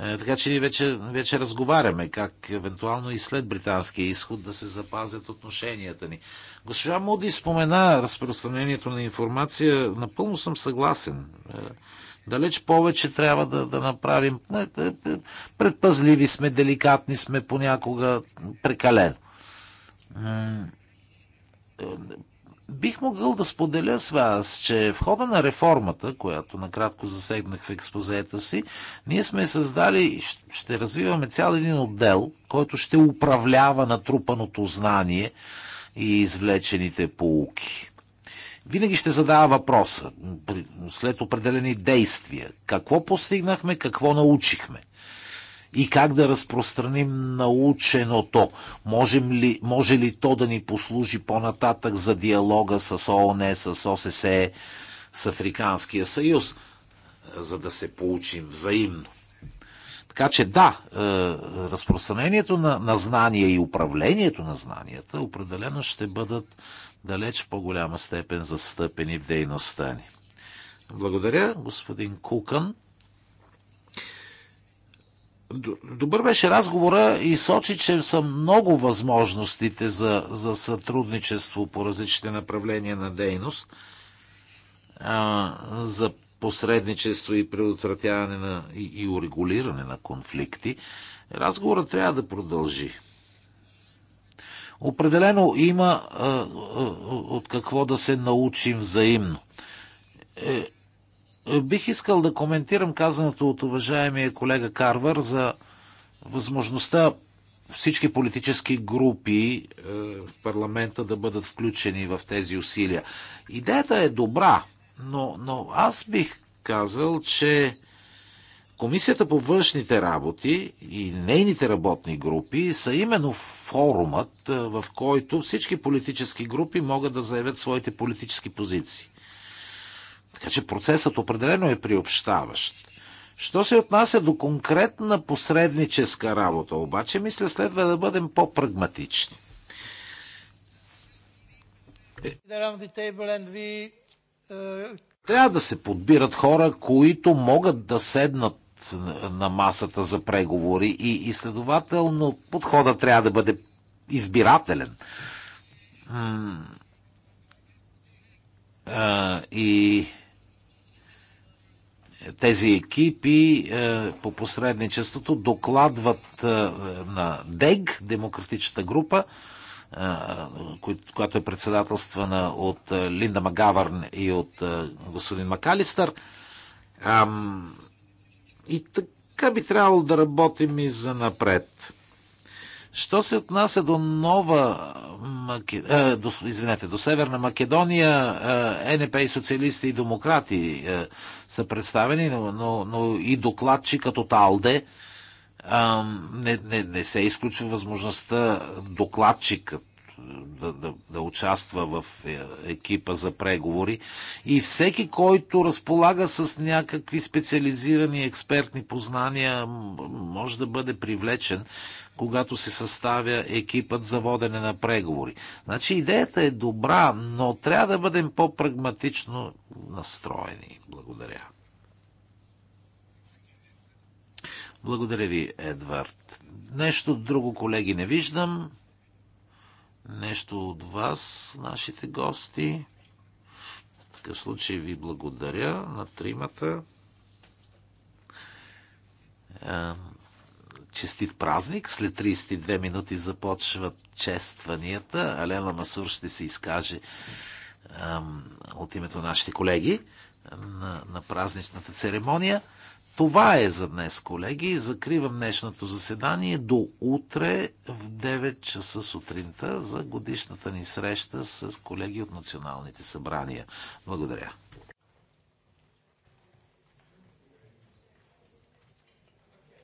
Е, така че ние вече, вече разговаряме как евентуално и след британския изход да се запазят отношенията ни. Госпожа Моди спомена разпространението на информация. Напълно съм съгласен. Е, далеч повече трябва да, да направим. Е, предпазливи сме, деликатни сме понякога, прекалено. Бих могъл да споделя с вас, че в хода на реформата, която накратко засегнах в експозета си, ние сме създали, ще развиваме цял един отдел, който ще управлява натрупаното знание и извлечените полуки. Винаги ще задава въпроса, след определени действия, какво постигнахме, какво научихме – и как да разпространим наученото. Можем ли, може ли то да ни послужи по-нататък за диалога с ООН, с ОССЕ, с Африканския съюз, за да се получим взаимно? Така че да, е, разпространението на, на знания и управлението на знанията определено ще бъдат далеч в по-голяма степен застъпени в дейността ни. Благодаря, господин Кукан. Добър беше разговора и сочи, че са много възможностите за, за сътрудничество по различните направления на дейност, а, за посредничество и предотвратяване на, и, и урегулиране на конфликти. Разговорът трябва да продължи. Определено има а, а, от какво да се научим взаимно. Е, Бих искал да коментирам казаното от уважаемия колега Карвар за възможността всички политически групи е, в парламента да бъдат включени в тези усилия. Идеята е добра, но, но аз бих казал, че Комисията по външните работи и нейните работни групи са именно форумът, е, в който всички политически групи могат да заявят своите политически позиции. Така че процесът определено е приобщаващ. Що се отнася до конкретна посредническа работа, обаче, мисля, следва да бъдем по-прагматични. Е. Трябва да се подбират хора, които могат да седнат на масата за преговори и, и следователно подхода трябва да бъде избирателен. и тези екипи е, по посредничеството докладват е, на ДЕГ, демократичната група, е, която е председателствана от Линда Магавърн и от господин Макалистър. И така би трябвало да работим и за напред. Що се отнася до нова до, извинете, до Северна Македония, НП и социалисти и демократи са представени, но, но, но и докладчи като Талде не, не, не се изключва възможността докладчикът да, да, да участва в е, екипа за преговори. И всеки, който разполага с някакви специализирани експертни познания, може да бъде привлечен когато се съставя екипът за водене на преговори. Значи идеята е добра, но трябва да бъдем по-прагматично настроени. Благодаря. Благодаря ви, Едвард. Нещо друго, колеги, не виждам. Нещо от вас, нашите гости. В такъв случай ви благодаря на тримата. Честит празник! След 32 минути започват честванията. Алена Масур ще се изкаже ам, от името на нашите колеги на, на празничната церемония. Това е за днес, колеги. Закривам днешното заседание до утре в 9 часа сутринта за годишната ни среща с колеги от националните събрания. Благодаря.